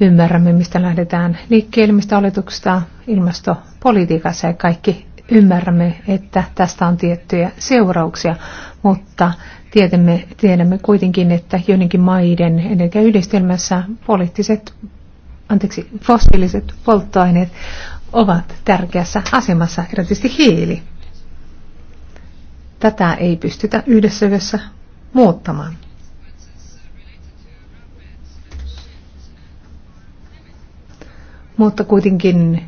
ymmärrämme, mistä lähdetään liikkeelle, mistä oletuksista ilmastopolitiikassa ja kaikki ymmärrämme, että tästä on tiettyjä seurauksia, mutta tiedämme, tiedämme kuitenkin, että joidenkin maiden energiayhdistelmässä poliittiset, anteeksi, fossiiliset polttoaineet ovat tärkeässä asemassa, erityisesti hiili. Tätä ei pystytä yhdessä yössä muuttamaan. mutta kuitenkin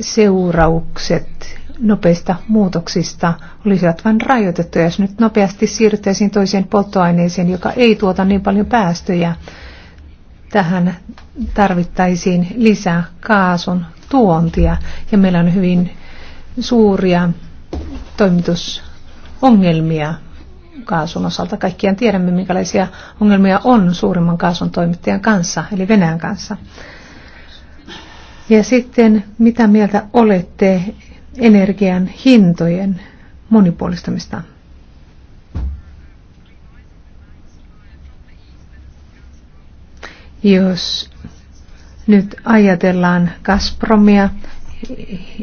seuraukset nopeista muutoksista olisivat vain rajoitettuja, jos nyt nopeasti siirryttäisiin toiseen polttoaineeseen, joka ei tuota niin paljon päästöjä. Tähän tarvittaisiin lisää kaasun tuontia ja meillä on hyvin suuria toimitusongelmia kaasun osalta. Kaikkiaan tiedämme, minkälaisia ongelmia on suurimman kaasun toimittajan kanssa, eli Venäjän kanssa. Ja sitten, mitä mieltä olette energian hintojen monipuolistamista? Jos nyt ajatellaan Gazpromia,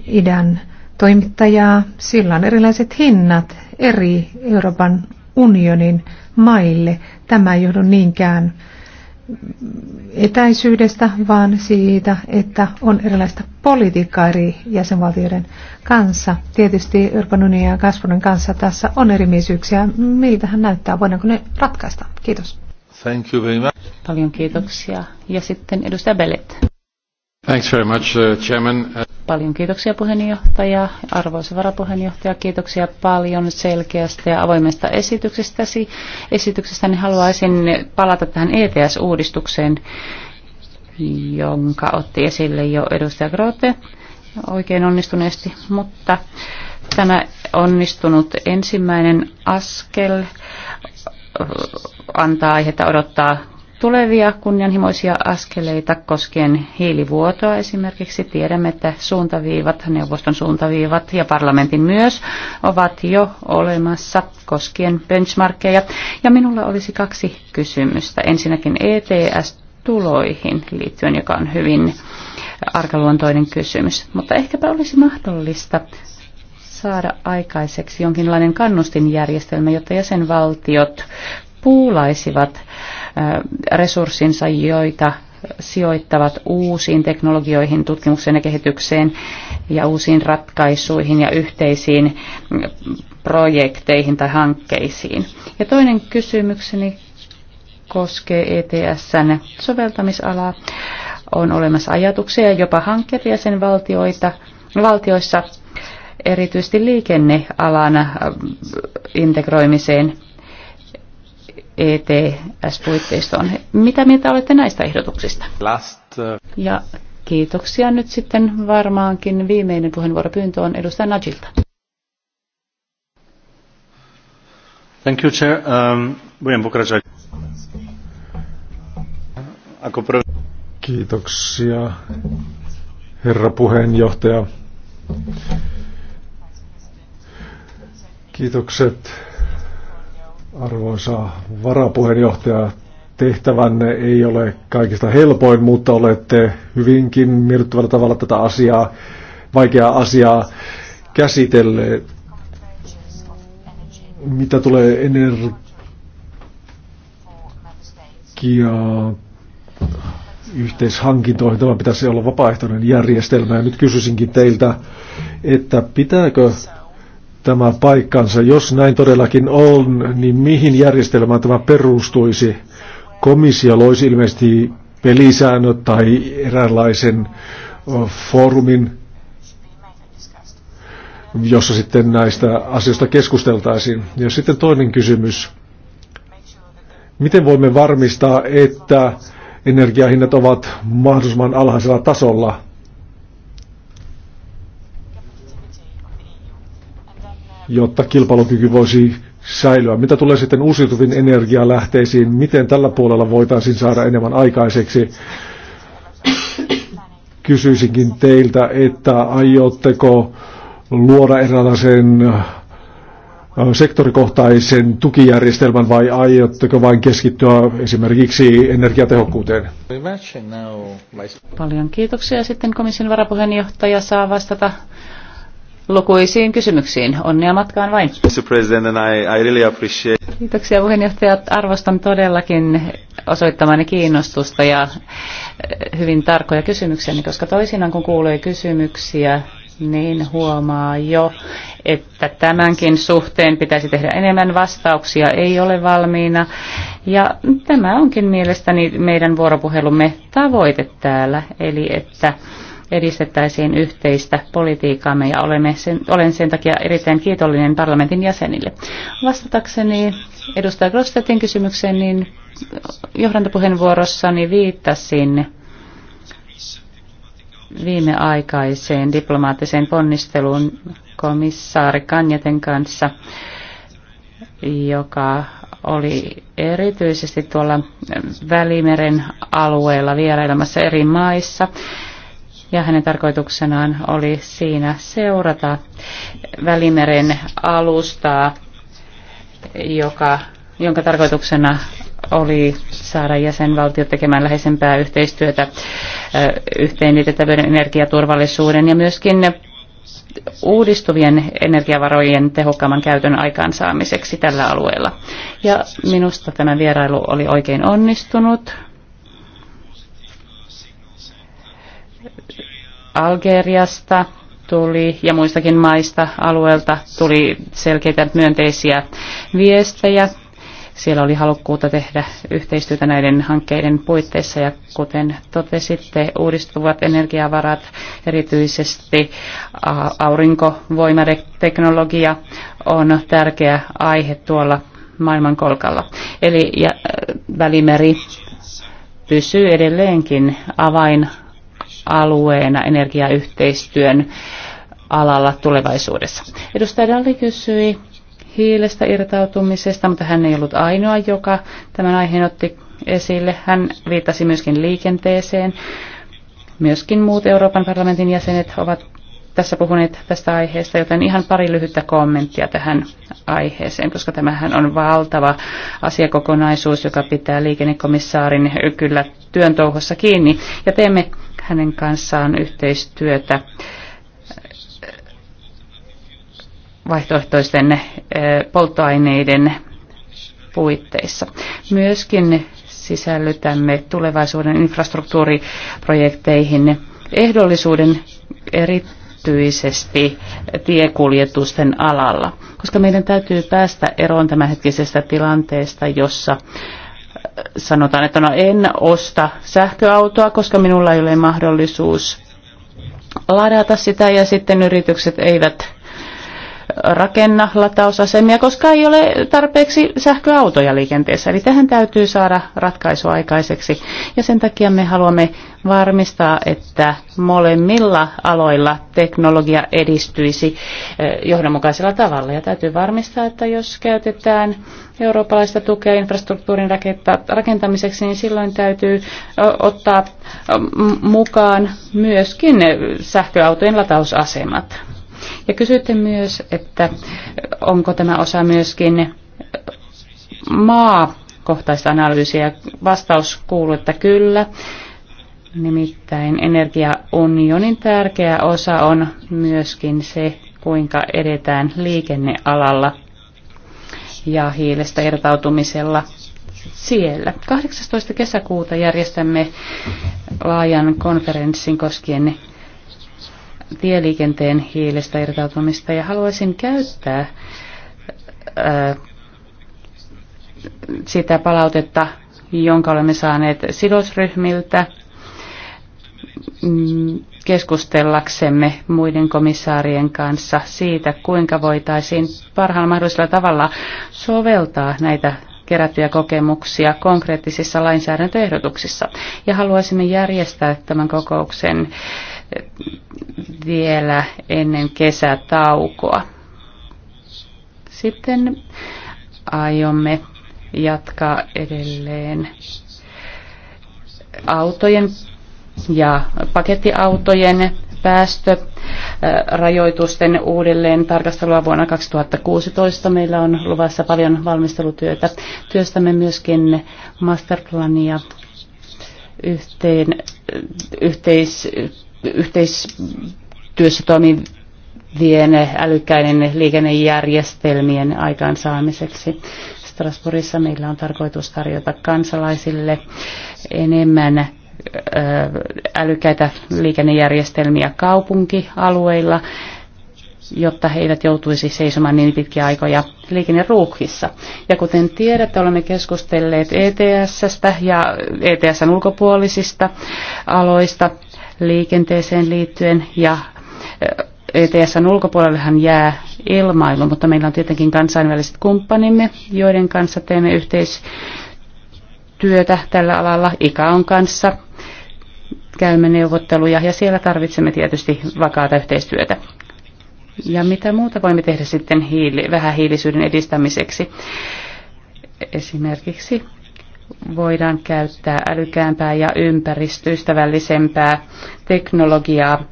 idän toimittajaa, sillä on erilaiset hinnat eri Euroopan unionin maille. Tämä ei johdu niinkään etäisyydestä, vaan siitä, että on erilaista politiikkaa eri jäsenvaltioiden kanssa. Tietysti Euroopan unionin ja kasvun kanssa tässä on erimielisyyksiä. hän näyttää? Voidaanko ne ratkaista? Kiitos. Thank you very much. Paljon kiitoksia. Ja sitten edustaja Bellet. Uh, uh, paljon kiitoksia puheenjohtaja, arvoisa varapuheenjohtaja, kiitoksia paljon selkeästä ja avoimesta esityksestäsi. Esityksestäni haluaisin palata tähän ETS-uudistukseen, jonka otti esille jo edustaja Grote oikein onnistuneesti, mutta tämä onnistunut ensimmäinen askel antaa aihetta odottaa tulevia kunnianhimoisia askeleita koskien hiilivuotoa esimerkiksi. Tiedämme, että suuntaviivat, neuvoston suuntaviivat ja parlamentin myös ovat jo olemassa koskien benchmarkkeja. Ja minulla olisi kaksi kysymystä. Ensinnäkin ETS-tuloihin liittyen, joka on hyvin arkaluontoinen kysymys. Mutta ehkäpä olisi mahdollista saada aikaiseksi jonkinlainen kannustinjärjestelmä, jotta jäsenvaltiot puulaisivat äh, resurssinsa, joita sijoittavat uusiin teknologioihin, tutkimukseen ja kehitykseen ja uusiin ratkaisuihin ja yhteisiin projekteihin tai hankkeisiin. Ja toinen kysymykseni koskee ETSn soveltamisalaa. On olemassa ajatuksia jopa hankkeita valtioita valtioissa erityisesti liikennealan integroimiseen ETS-puitteistoon. Mitä mieltä olette näistä ehdotuksista? Last. Uh, ja kiitoksia nyt sitten varmaankin viimeinen puheenvuoropyyntö on edustaja Najilta. Thank you, Chair. Um, Kiitoksia, herra puheenjohtaja. Kiitokset Arvoisa varapuheenjohtaja, tehtävänne ei ole kaikista helpoin, mutta olette hyvinkin miellyttävällä tavalla tätä asiaa, vaikeaa asiaa käsitelleet. Mitä tulee energia yhteishankintoihin. Tämä pitäisi olla vapaaehtoinen järjestelmä. Ja nyt kysyisinkin teiltä, että pitääkö tämä paikkansa. Jos näin todellakin on, niin mihin järjestelmään tämä perustuisi? Komissio loisi ilmeisesti pelisäännöt tai eräänlaisen foorumin, jossa sitten näistä asioista keskusteltaisiin. Ja sitten toinen kysymys. Miten voimme varmistaa, että energiahinnat ovat mahdollisimman alhaisella tasolla – jotta kilpailukyky voisi säilyä. Mitä tulee sitten uusiutuviin energialähteisiin, miten tällä puolella voitaisiin saada enemmän aikaiseksi? Kysyisinkin teiltä, että aiotteko luoda eräänlaisen sektorikohtaisen tukijärjestelmän vai aiotteko vain keskittyä esimerkiksi energiatehokkuuteen? Paljon kiitoksia. Sitten komission varapuheenjohtaja saa vastata lukuisiin kysymyksiin. Onnea matkaan vain. Kiitoksia puheenjohtaja. Arvostan todellakin osoittamani kiinnostusta ja eh, hyvin tarkkoja kysymyksiä, koska toisinaan kun kuulee kysymyksiä, niin huomaa jo, että tämänkin suhteen pitäisi tehdä enemmän vastauksia, ei ole valmiina. Ja tämä onkin mielestäni meidän vuoropuhelumme tavoite täällä, eli että edistettäisiin yhteistä politiikkaamme ja olemme sen, olen sen takia erittäin kiitollinen parlamentin jäsenille. Vastatakseni edustaja Grostetin kysymykseen, niin johdantopuheenvuorossani viittasin viimeaikaiseen diplomaattiseen ponnisteluun komissaari Kanjaten kanssa, joka oli erityisesti tuolla Välimeren alueella vierailemassa eri maissa ja hänen tarkoituksenaan oli siinä seurata Välimeren alustaa, joka, jonka tarkoituksena oli saada jäsenvaltiot tekemään läheisempää yhteistyötä yhteenliitettävyyden energiaturvallisuuden ja myöskin uudistuvien energiavarojen tehokkaamman käytön aikaansaamiseksi tällä alueella. Ja minusta tämä vierailu oli oikein onnistunut. Algeriasta tuli ja muistakin maista alueelta tuli selkeitä myönteisiä viestejä. Siellä oli halukkuutta tehdä yhteistyötä näiden hankkeiden puitteissa ja kuten totesitte, uudistuvat energiavarat, erityisesti aurinkovoimateknologia on tärkeä aihe tuolla maailmankolkalla. Eli ja, välimeri pysyy edelleenkin avain alueena energiayhteistyön alalla tulevaisuudessa. Edustaja Dalli kysyi hiilestä irtautumisesta, mutta hän ei ollut ainoa, joka tämän aiheen otti esille. Hän viittasi myöskin liikenteeseen. Myöskin muut Euroopan parlamentin jäsenet ovat tässä puhuneet tästä aiheesta, joten ihan pari lyhyttä kommenttia tähän aiheeseen, koska tämähän on valtava asiakokonaisuus, joka pitää liikennekomissaarin kyllä työn touhossa kiinni. Ja teemme hänen kanssaan yhteistyötä vaihtoehtoisten eh, polttoaineiden puitteissa. Myöskin sisällytämme tulevaisuuden infrastruktuuriprojekteihin ehdollisuuden erityisesti tiekuljetusten alalla, koska meidän täytyy päästä eroon tämänhetkisestä tilanteesta, jossa sanotaan, että no en osta sähköautoa, koska minulla ei ole mahdollisuus ladata sitä ja sitten yritykset eivät rakenna latausasemia, koska ei ole tarpeeksi sähköautoja liikenteessä. Eli tähän täytyy saada ratkaisu aikaiseksi. Ja sen takia me haluamme varmistaa, että molemmilla aloilla teknologia edistyisi eh, johdonmukaisella tavalla. Ja täytyy varmistaa, että jos käytetään eurooppalaista tukea infrastruktuurin rakentamiseksi, niin silloin täytyy eh, ottaa eh, mukaan myöskin sähköautojen latausasemat. Ja kysyitte myös, että onko tämä osa myöskin maakohtaista analyysiä. Vastaus kuuluu, että kyllä. Nimittäin energiaunionin tärkeä osa on myöskin se, kuinka edetään liikennealalla ja hiilestä irtautumisella siellä. 18. kesäkuuta järjestämme laajan konferenssin koskien tieliikenteen hiilestä irtautumista ja haluaisin käyttää ää, sitä palautetta, jonka olemme saaneet sidosryhmiltä mm, keskustellaksemme muiden komissaarien kanssa siitä, kuinka voitaisiin parhaalla mahdollisella tavalla soveltaa näitä kerättyjä kokemuksia konkreettisissa lainsäädäntöehdotuksissa. Ja haluaisimme järjestää tämän kokouksen äh, vielä ennen kesätaukoa. Sitten aiomme jatkaa edelleen autojen ja pakettiautojen päästörajoitusten uudelleen tarkastelua vuonna 2016. Meillä on luvassa paljon valmistelutyötä. Työstämme myöskin masterplania yhteen, yhteis, yhteistyössä toimivien älykkäiden liikennejärjestelmien aikaansaamiseksi. Strasbourgissa meillä on tarkoitus tarjota kansalaisille enemmän älykkäitä liikennejärjestelmiä kaupunkialueilla, jotta he eivät joutuisi seisomaan niin pitkiä aikoja liikenneruuhkissa. Ja kuten tiedätte, olemme keskustelleet ETSstä ja ets ulkopuolisista aloista liikenteeseen liittyen ja ETSn ulkopuolellehan jää ilmailu, mutta meillä on tietenkin kansainväliset kumppanimme, joiden kanssa teemme yhteistyötä tällä alalla ICAON kanssa. Käymme neuvotteluja ja siellä tarvitsemme tietysti vakaata yhteistyötä. Ja mitä muuta voimme tehdä sitten hiili, vähähiilisyyden edistämiseksi? Esimerkiksi voidaan käyttää älykäämpää ja ympäristöystävällisempää teknologiaa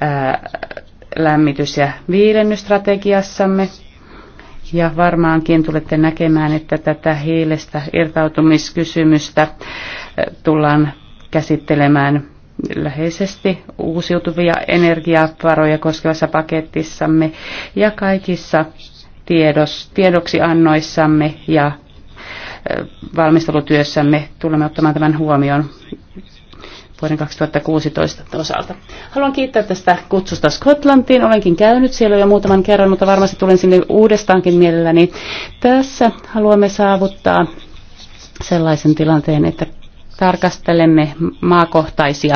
ää, lämmitys- ja viilennystrategiassamme. Ja varmaankin tulette näkemään, että tätä hiilestä irtautumiskysymystä tullaan käsittelemään läheisesti uusiutuvia energiavaroja koskevassa paketissamme ja kaikissa tiedos, tiedoksiannoissamme ja valmistelutyössämme tulemme ottamaan tämän huomioon vuoden 2016 osalta. Haluan kiittää tästä kutsusta Skotlantiin. Olenkin käynyt siellä jo muutaman kerran, mutta varmasti tulen sinne uudestaankin mielelläni. Tässä haluamme saavuttaa sellaisen tilanteen, että tarkastelemme maakohtaisia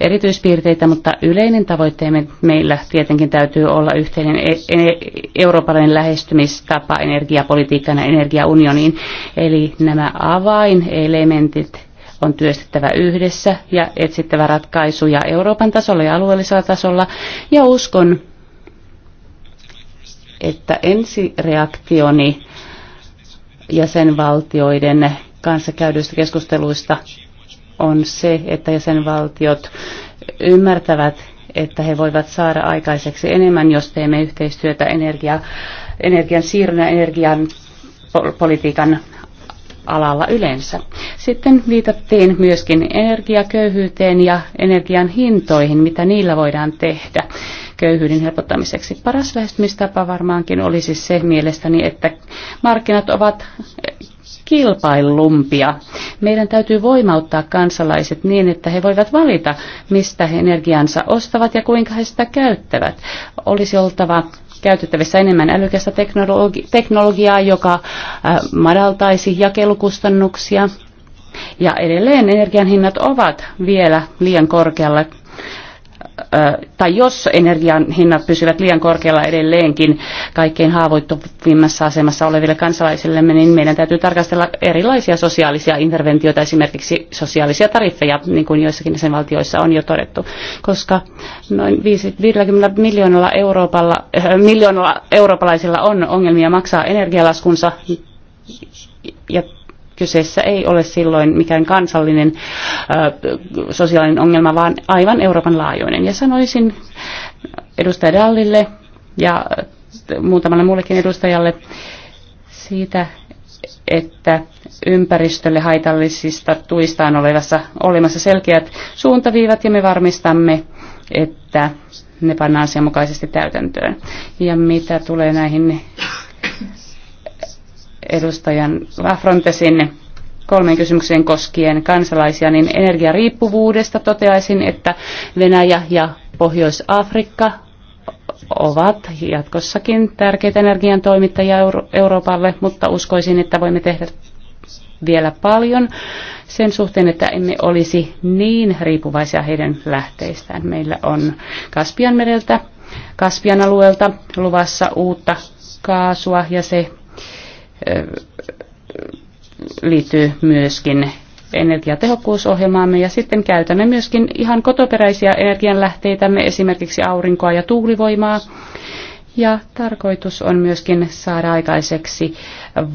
erityispiirteitä, mutta yleinen tavoitteemme meillä tietenkin täytyy olla yhteinen e- e- eurooppalainen lähestymistapa energiapolitiikkaan ja energiaunioniin. Eli nämä avainelementit on työstettävä yhdessä ja etsittävä ratkaisuja Euroopan tasolla ja alueellisella tasolla. Ja uskon, että ensireaktioni jäsenvaltioiden kanssa käydyistä keskusteluista on se, että jäsenvaltiot ymmärtävät, että he voivat saada aikaiseksi enemmän, jos teemme yhteistyötä energia, energian siirron ja energian politiikan alalla yleensä. Sitten viitattiin myöskin energiaköyhyyteen ja energian hintoihin, mitä niillä voidaan tehdä köyhyyden helpottamiseksi. Paras lähestymistapa varmaankin olisi se mielestäni, että markkinat ovat kilpailumpia. Meidän täytyy voimauttaa kansalaiset niin, että he voivat valita, mistä he energiansa ostavat ja kuinka he sitä käyttävät. Olisi oltava käytettävissä enemmän älykästä teknologi- teknologiaa, joka äh, madaltaisi jakelukustannuksia. Ja edelleen energian hinnat ovat vielä liian korkealla tai jos energian hinnat pysyvät liian korkealla edelleenkin kaikkein haavoittuvimmassa asemassa oleville kansalaisillemme, niin meidän täytyy tarkastella erilaisia sosiaalisia interventioita, esimerkiksi sosiaalisia tariffeja, niin kuin joissakin jäsenvaltioissa on jo todettu, koska noin 50 miljoonalla, Euroopalla, äh, miljoonalla eurooppalaisilla on ongelmia maksaa energialaskunsa ja Kyseessä ei ole silloin mikään kansallinen sosiaalinen ongelma, vaan aivan Euroopan laajuinen. Ja sanoisin edustaja Dallille ja muutamalle muullekin edustajalle siitä, että ympäristölle haitallisista tuista on olevassa, olemassa selkeät suuntaviivat ja me varmistamme, että ne pannaan asianmukaisesti täytäntöön. Ja mitä tulee näihin edustajan Lafrontesin kolmeen kysymykseen koskien kansalaisia, niin energiariippuvuudesta toteaisin, että Venäjä ja Pohjois-Afrikka ovat jatkossakin tärkeitä energian toimittajia Euro- Euroopalle, mutta uskoisin, että voimme tehdä vielä paljon sen suhteen, että emme olisi niin riippuvaisia heidän lähteistään. Meillä on Kaspian mereltä, Kaspian alueelta luvassa uutta kaasua ja se liittyy myöskin energiatehokkuusohjelmaamme ja sitten käytämme myöskin ihan kotoperäisiä energianlähteitämme, esimerkiksi aurinkoa ja tuulivoimaa. Ja tarkoitus on myöskin saada aikaiseksi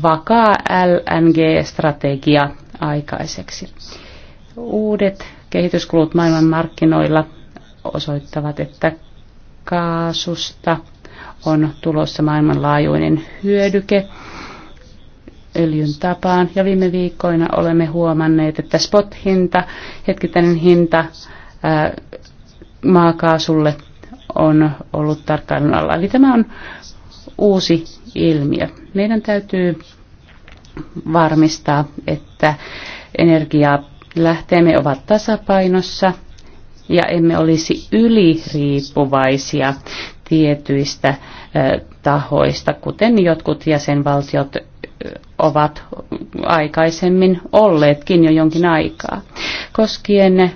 vakaa LNG-strategia aikaiseksi. Uudet kehityskulut markkinoilla osoittavat, että kaasusta on tulossa maailmanlaajuinen hyödyke öljyn tapaan. Ja viime viikkoina olemme huomanneet, että spot-hinta, hetkittäinen hinta ää, maakaasulle on ollut tarkkailun alla. Eli tämä on uusi ilmiö. Meidän täytyy varmistaa, että energialähteemme ovat tasapainossa ja emme olisi yliriippuvaisia tietyistä tahoista, kuten jotkut jäsenvaltiot ovat aikaisemmin olleetkin jo jonkin aikaa. Koskien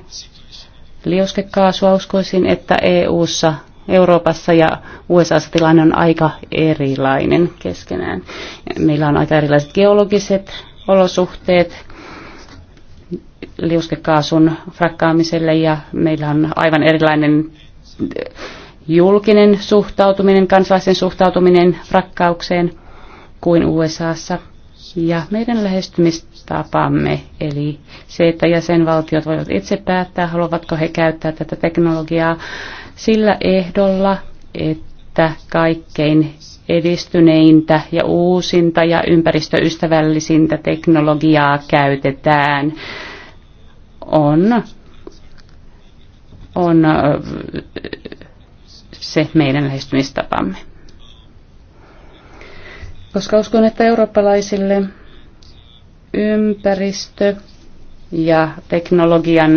liuskekaasua uskoisin, että EU:ssa Euroopassa ja USAssa tilanne on aika erilainen keskenään. Meillä on aika erilaiset geologiset olosuhteet liuskekaasun frakkaamiselle ja meillä on aivan erilainen eh, julkinen suhtautuminen, kansalaisen suhtautuminen frakkaukseen – kuin USAssa. Ja meidän lähestymistapamme, eli se, että jäsenvaltiot voivat itse päättää, haluavatko he käyttää tätä teknologiaa sillä ehdolla, että kaikkein edistyneintä ja uusinta ja ympäristöystävällisintä teknologiaa käytetään, on, on se meidän lähestymistapamme koska uskon, että eurooppalaisille ympäristö ja teknologian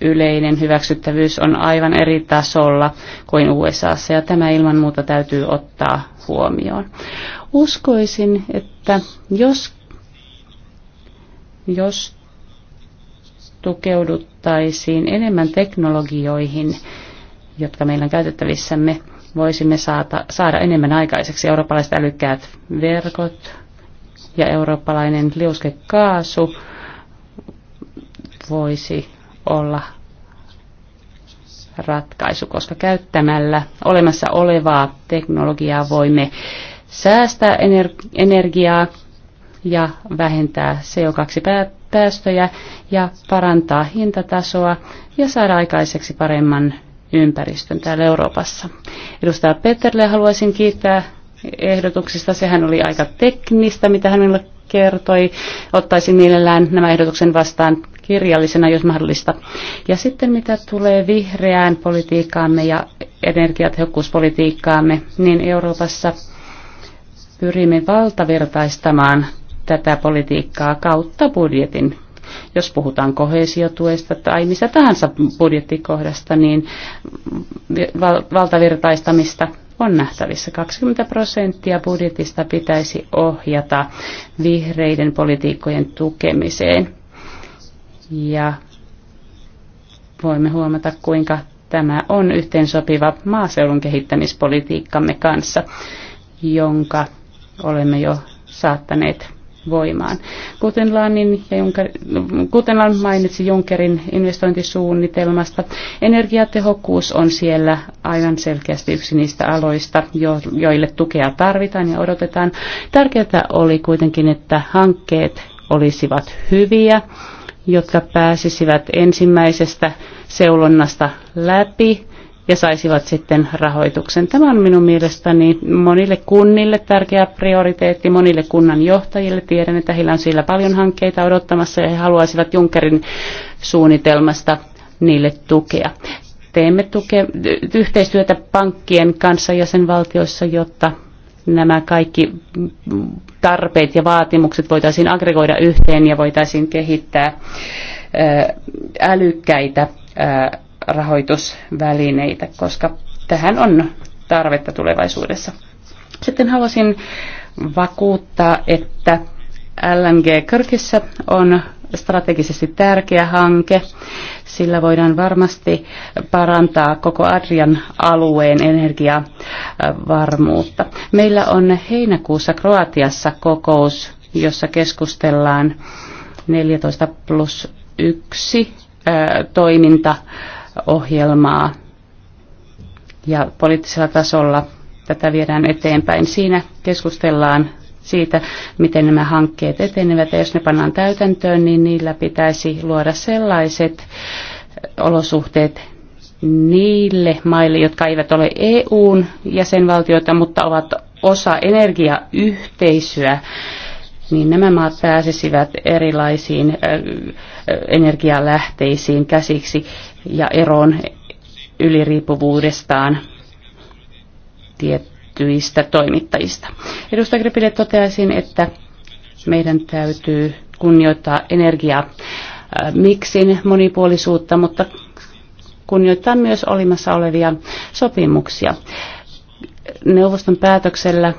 yleinen hyväksyttävyys on aivan eri tasolla kuin USAssa ja tämä ilman muuta täytyy ottaa huomioon. Uskoisin, että jos, jos tukeuduttaisiin enemmän teknologioihin, jotka meillä on käytettävissämme, voisimme saada, saada enemmän aikaiseksi. Eurooppalaiset älykkäät verkot ja eurooppalainen liuskekaasu voisi olla ratkaisu, koska käyttämällä olemassa olevaa teknologiaa voimme säästää ener- energiaa ja vähentää CO2-päästöjä ja parantaa hintatasoa ja saada aikaiseksi paremman ympäristön täällä Euroopassa. Edustaja Peterle haluaisin kiittää ehdotuksista. Sehän oli aika teknistä, mitä hän minulle kertoi. Ottaisin mielellään nämä ehdotuksen vastaan kirjallisena, jos mahdollista. Ja sitten mitä tulee vihreään politiikkaamme ja energiatehokkuuspolitiikkaamme, niin Euroopassa pyrimme valtavirtaistamaan tätä politiikkaa kautta budjetin jos puhutaan kohesiotuesta tai mistä tahansa budjettikohdasta, niin val- valtavirtaistamista on nähtävissä. 20 prosenttia budjetista pitäisi ohjata vihreiden politiikkojen tukemiseen. Ja voimme huomata, kuinka tämä on yhteensopiva maaseudun kehittämispolitiikkamme kanssa, jonka olemme jo saattaneet voimaan. Kutenlanin ja kuten Kutenlan mainitsi Junckerin investointisuunnitelmasta. Energiatehokkuus on siellä aivan selkeästi yksi niistä aloista, jo, joille tukea tarvitaan ja odotetaan. Tärkeää oli kuitenkin, että hankkeet olisivat hyviä, jotka pääsisivät ensimmäisestä seulonnasta läpi ja saisivat sitten rahoituksen. Tämä on minun mielestäni monille kunnille tärkeä prioriteetti, monille kunnan johtajille. Tiedän, että heillä on siellä paljon hankkeita odottamassa ja he haluaisivat Junckerin suunnitelmasta niille tukea. Teemme tuke- yhteistyötä pankkien kanssa jäsenvaltioissa, jotta nämä kaikki tarpeet ja vaatimukset voitaisiin aggregoida yhteen ja voitaisiin kehittää älykkäitä rahoitusvälineitä, koska tähän on tarvetta tulevaisuudessa. Sitten haluaisin vakuuttaa, että LNG Kyrkissä on strategisesti tärkeä hanke. Sillä voidaan varmasti parantaa koko Adrian alueen energiavarmuutta. Meillä on heinäkuussa Kroatiassa kokous, jossa keskustellaan 14 plus 1 toiminta ohjelmaa ja poliittisella tasolla tätä viedään eteenpäin. Siinä keskustellaan siitä, miten nämä hankkeet etenevät ja jos ne pannaan täytäntöön, niin niillä pitäisi luoda sellaiset olosuhteet niille maille, jotka eivät ole EUn jäsenvaltioita, mutta ovat osa energiayhteisöä, niin nämä maat pääsisivät erilaisiin energialähteisiin käsiksi ja eroon yliriippuvuudestaan tiettyistä toimittajista. Edustaja Gripille toteaisin, että meidän täytyy kunnioittaa energiaa äh, miksin monipuolisuutta, mutta kunnioittaa myös olemassa olevia sopimuksia. Neuvoston päätöksellä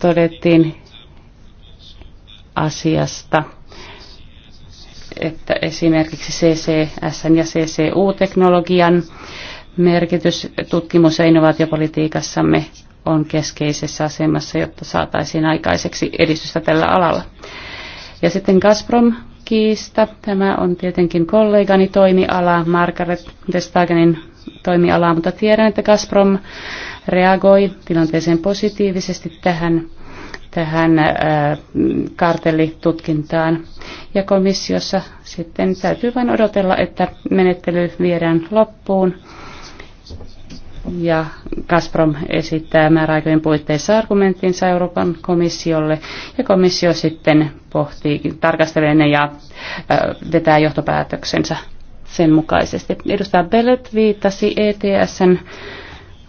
todettiin asiasta että esimerkiksi CCS ja CCU-teknologian merkitys tutkimus- ja innovaatiopolitiikassamme on keskeisessä asemassa, jotta saataisiin aikaiseksi edistystä tällä alalla. Ja sitten Gazprom kiista. Tämä on tietenkin kollegani toimiala, Margaret Vestagenin toimialaa, mutta tiedän, että Gazprom reagoi tilanteeseen positiivisesti tähän tähän äh, kartellitutkintaan. Ja komissiossa sitten täytyy vain odotella, että menettely viedään loppuun. Ja Gazprom esittää määräaikojen puitteissa argumenttinsa Euroopan komissiolle ja komissio sitten pohtii, tarkastelee ne ja äh, vetää johtopäätöksensä sen mukaisesti. Edustaja Bellet viittasi ETSn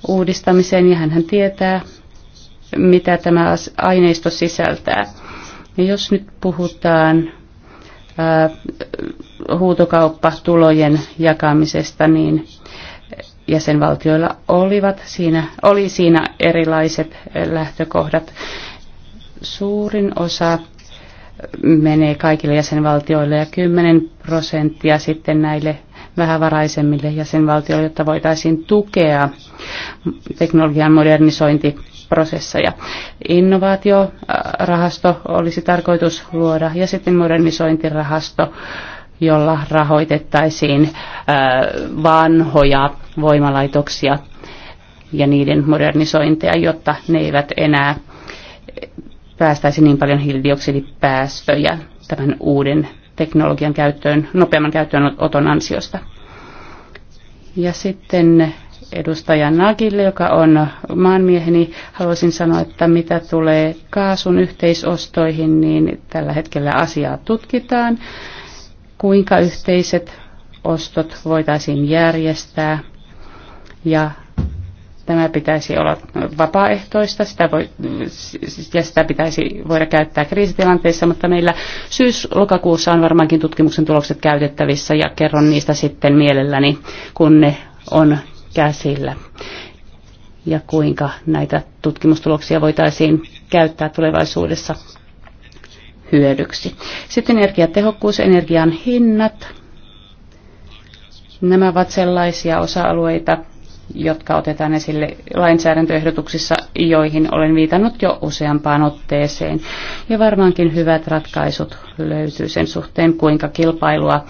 uudistamiseen ja hän tietää, mitä tämä aineisto sisältää. Ja jos nyt puhutaan ää, huutokauppatulojen jakamisesta, niin jäsenvaltioilla olivat siinä, oli siinä erilaiset lähtökohdat. Suurin osa menee kaikille jäsenvaltioille ja 10 prosenttia sitten näille vähävaraisemmille jäsenvaltioille, jotta voitaisiin tukea teknologian modernisointi prosesseja. Innovaatiorahasto olisi tarkoitus luoda ja sitten modernisointirahasto, jolla rahoitettaisiin vanhoja voimalaitoksia ja niiden modernisointeja, jotta ne eivät enää päästäisi niin paljon hiilidioksidipäästöjä tämän uuden teknologian käyttöön, nopeamman käyttöönoton ansiosta. Ja sitten edustaja Nagille, joka on maanmieheni. Haluaisin sanoa, että mitä tulee kaasun yhteisostoihin, niin tällä hetkellä asiaa tutkitaan, kuinka yhteiset ostot voitaisiin järjestää ja tämä pitäisi olla vapaaehtoista sitä voi, ja sitä pitäisi voida käyttää kriisitilanteissa, mutta meillä syys-lokakuussa on varmaankin tutkimuksen tulokset käytettävissä ja kerron niistä sitten mielelläni, kun ne on käsillä ja kuinka näitä tutkimustuloksia voitaisiin käyttää tulevaisuudessa hyödyksi. Sitten energiatehokkuus, energian hinnat. Nämä ovat sellaisia osa-alueita, jotka otetaan esille lainsäädäntöehdotuksissa, joihin olen viitannut jo useampaan otteeseen. Ja varmaankin hyvät ratkaisut löytyy sen suhteen, kuinka kilpailua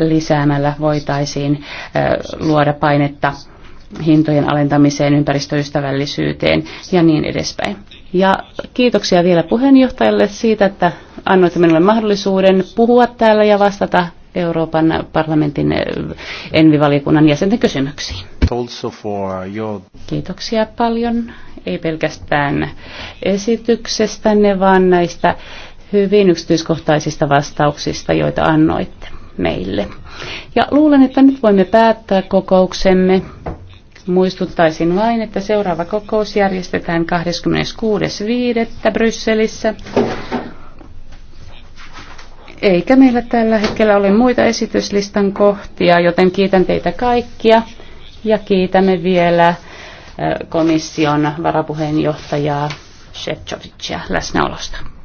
lisäämällä voitaisiin luoda painetta hintojen alentamiseen, ympäristöystävällisyyteen ja niin edespäin. Ja kiitoksia vielä puheenjohtajalle siitä, että annoitte minulle mahdollisuuden puhua täällä ja vastata Euroopan parlamentin envivaliokunnan jäsenten kysymyksiin. Kiitoksia paljon, ei pelkästään esityksestänne, vaan näistä hyvin yksityiskohtaisista vastauksista, joita annoitte meille. Ja luulen, että nyt voimme päättää kokouksemme. Muistuttaisin vain, että seuraava kokous järjestetään 26.5. Brysselissä. Eikä meillä tällä hetkellä ole muita esityslistan kohtia, joten kiitän teitä kaikkia ja kiitämme vielä komission varapuheenjohtajaa Shevchovicia läsnäolosta.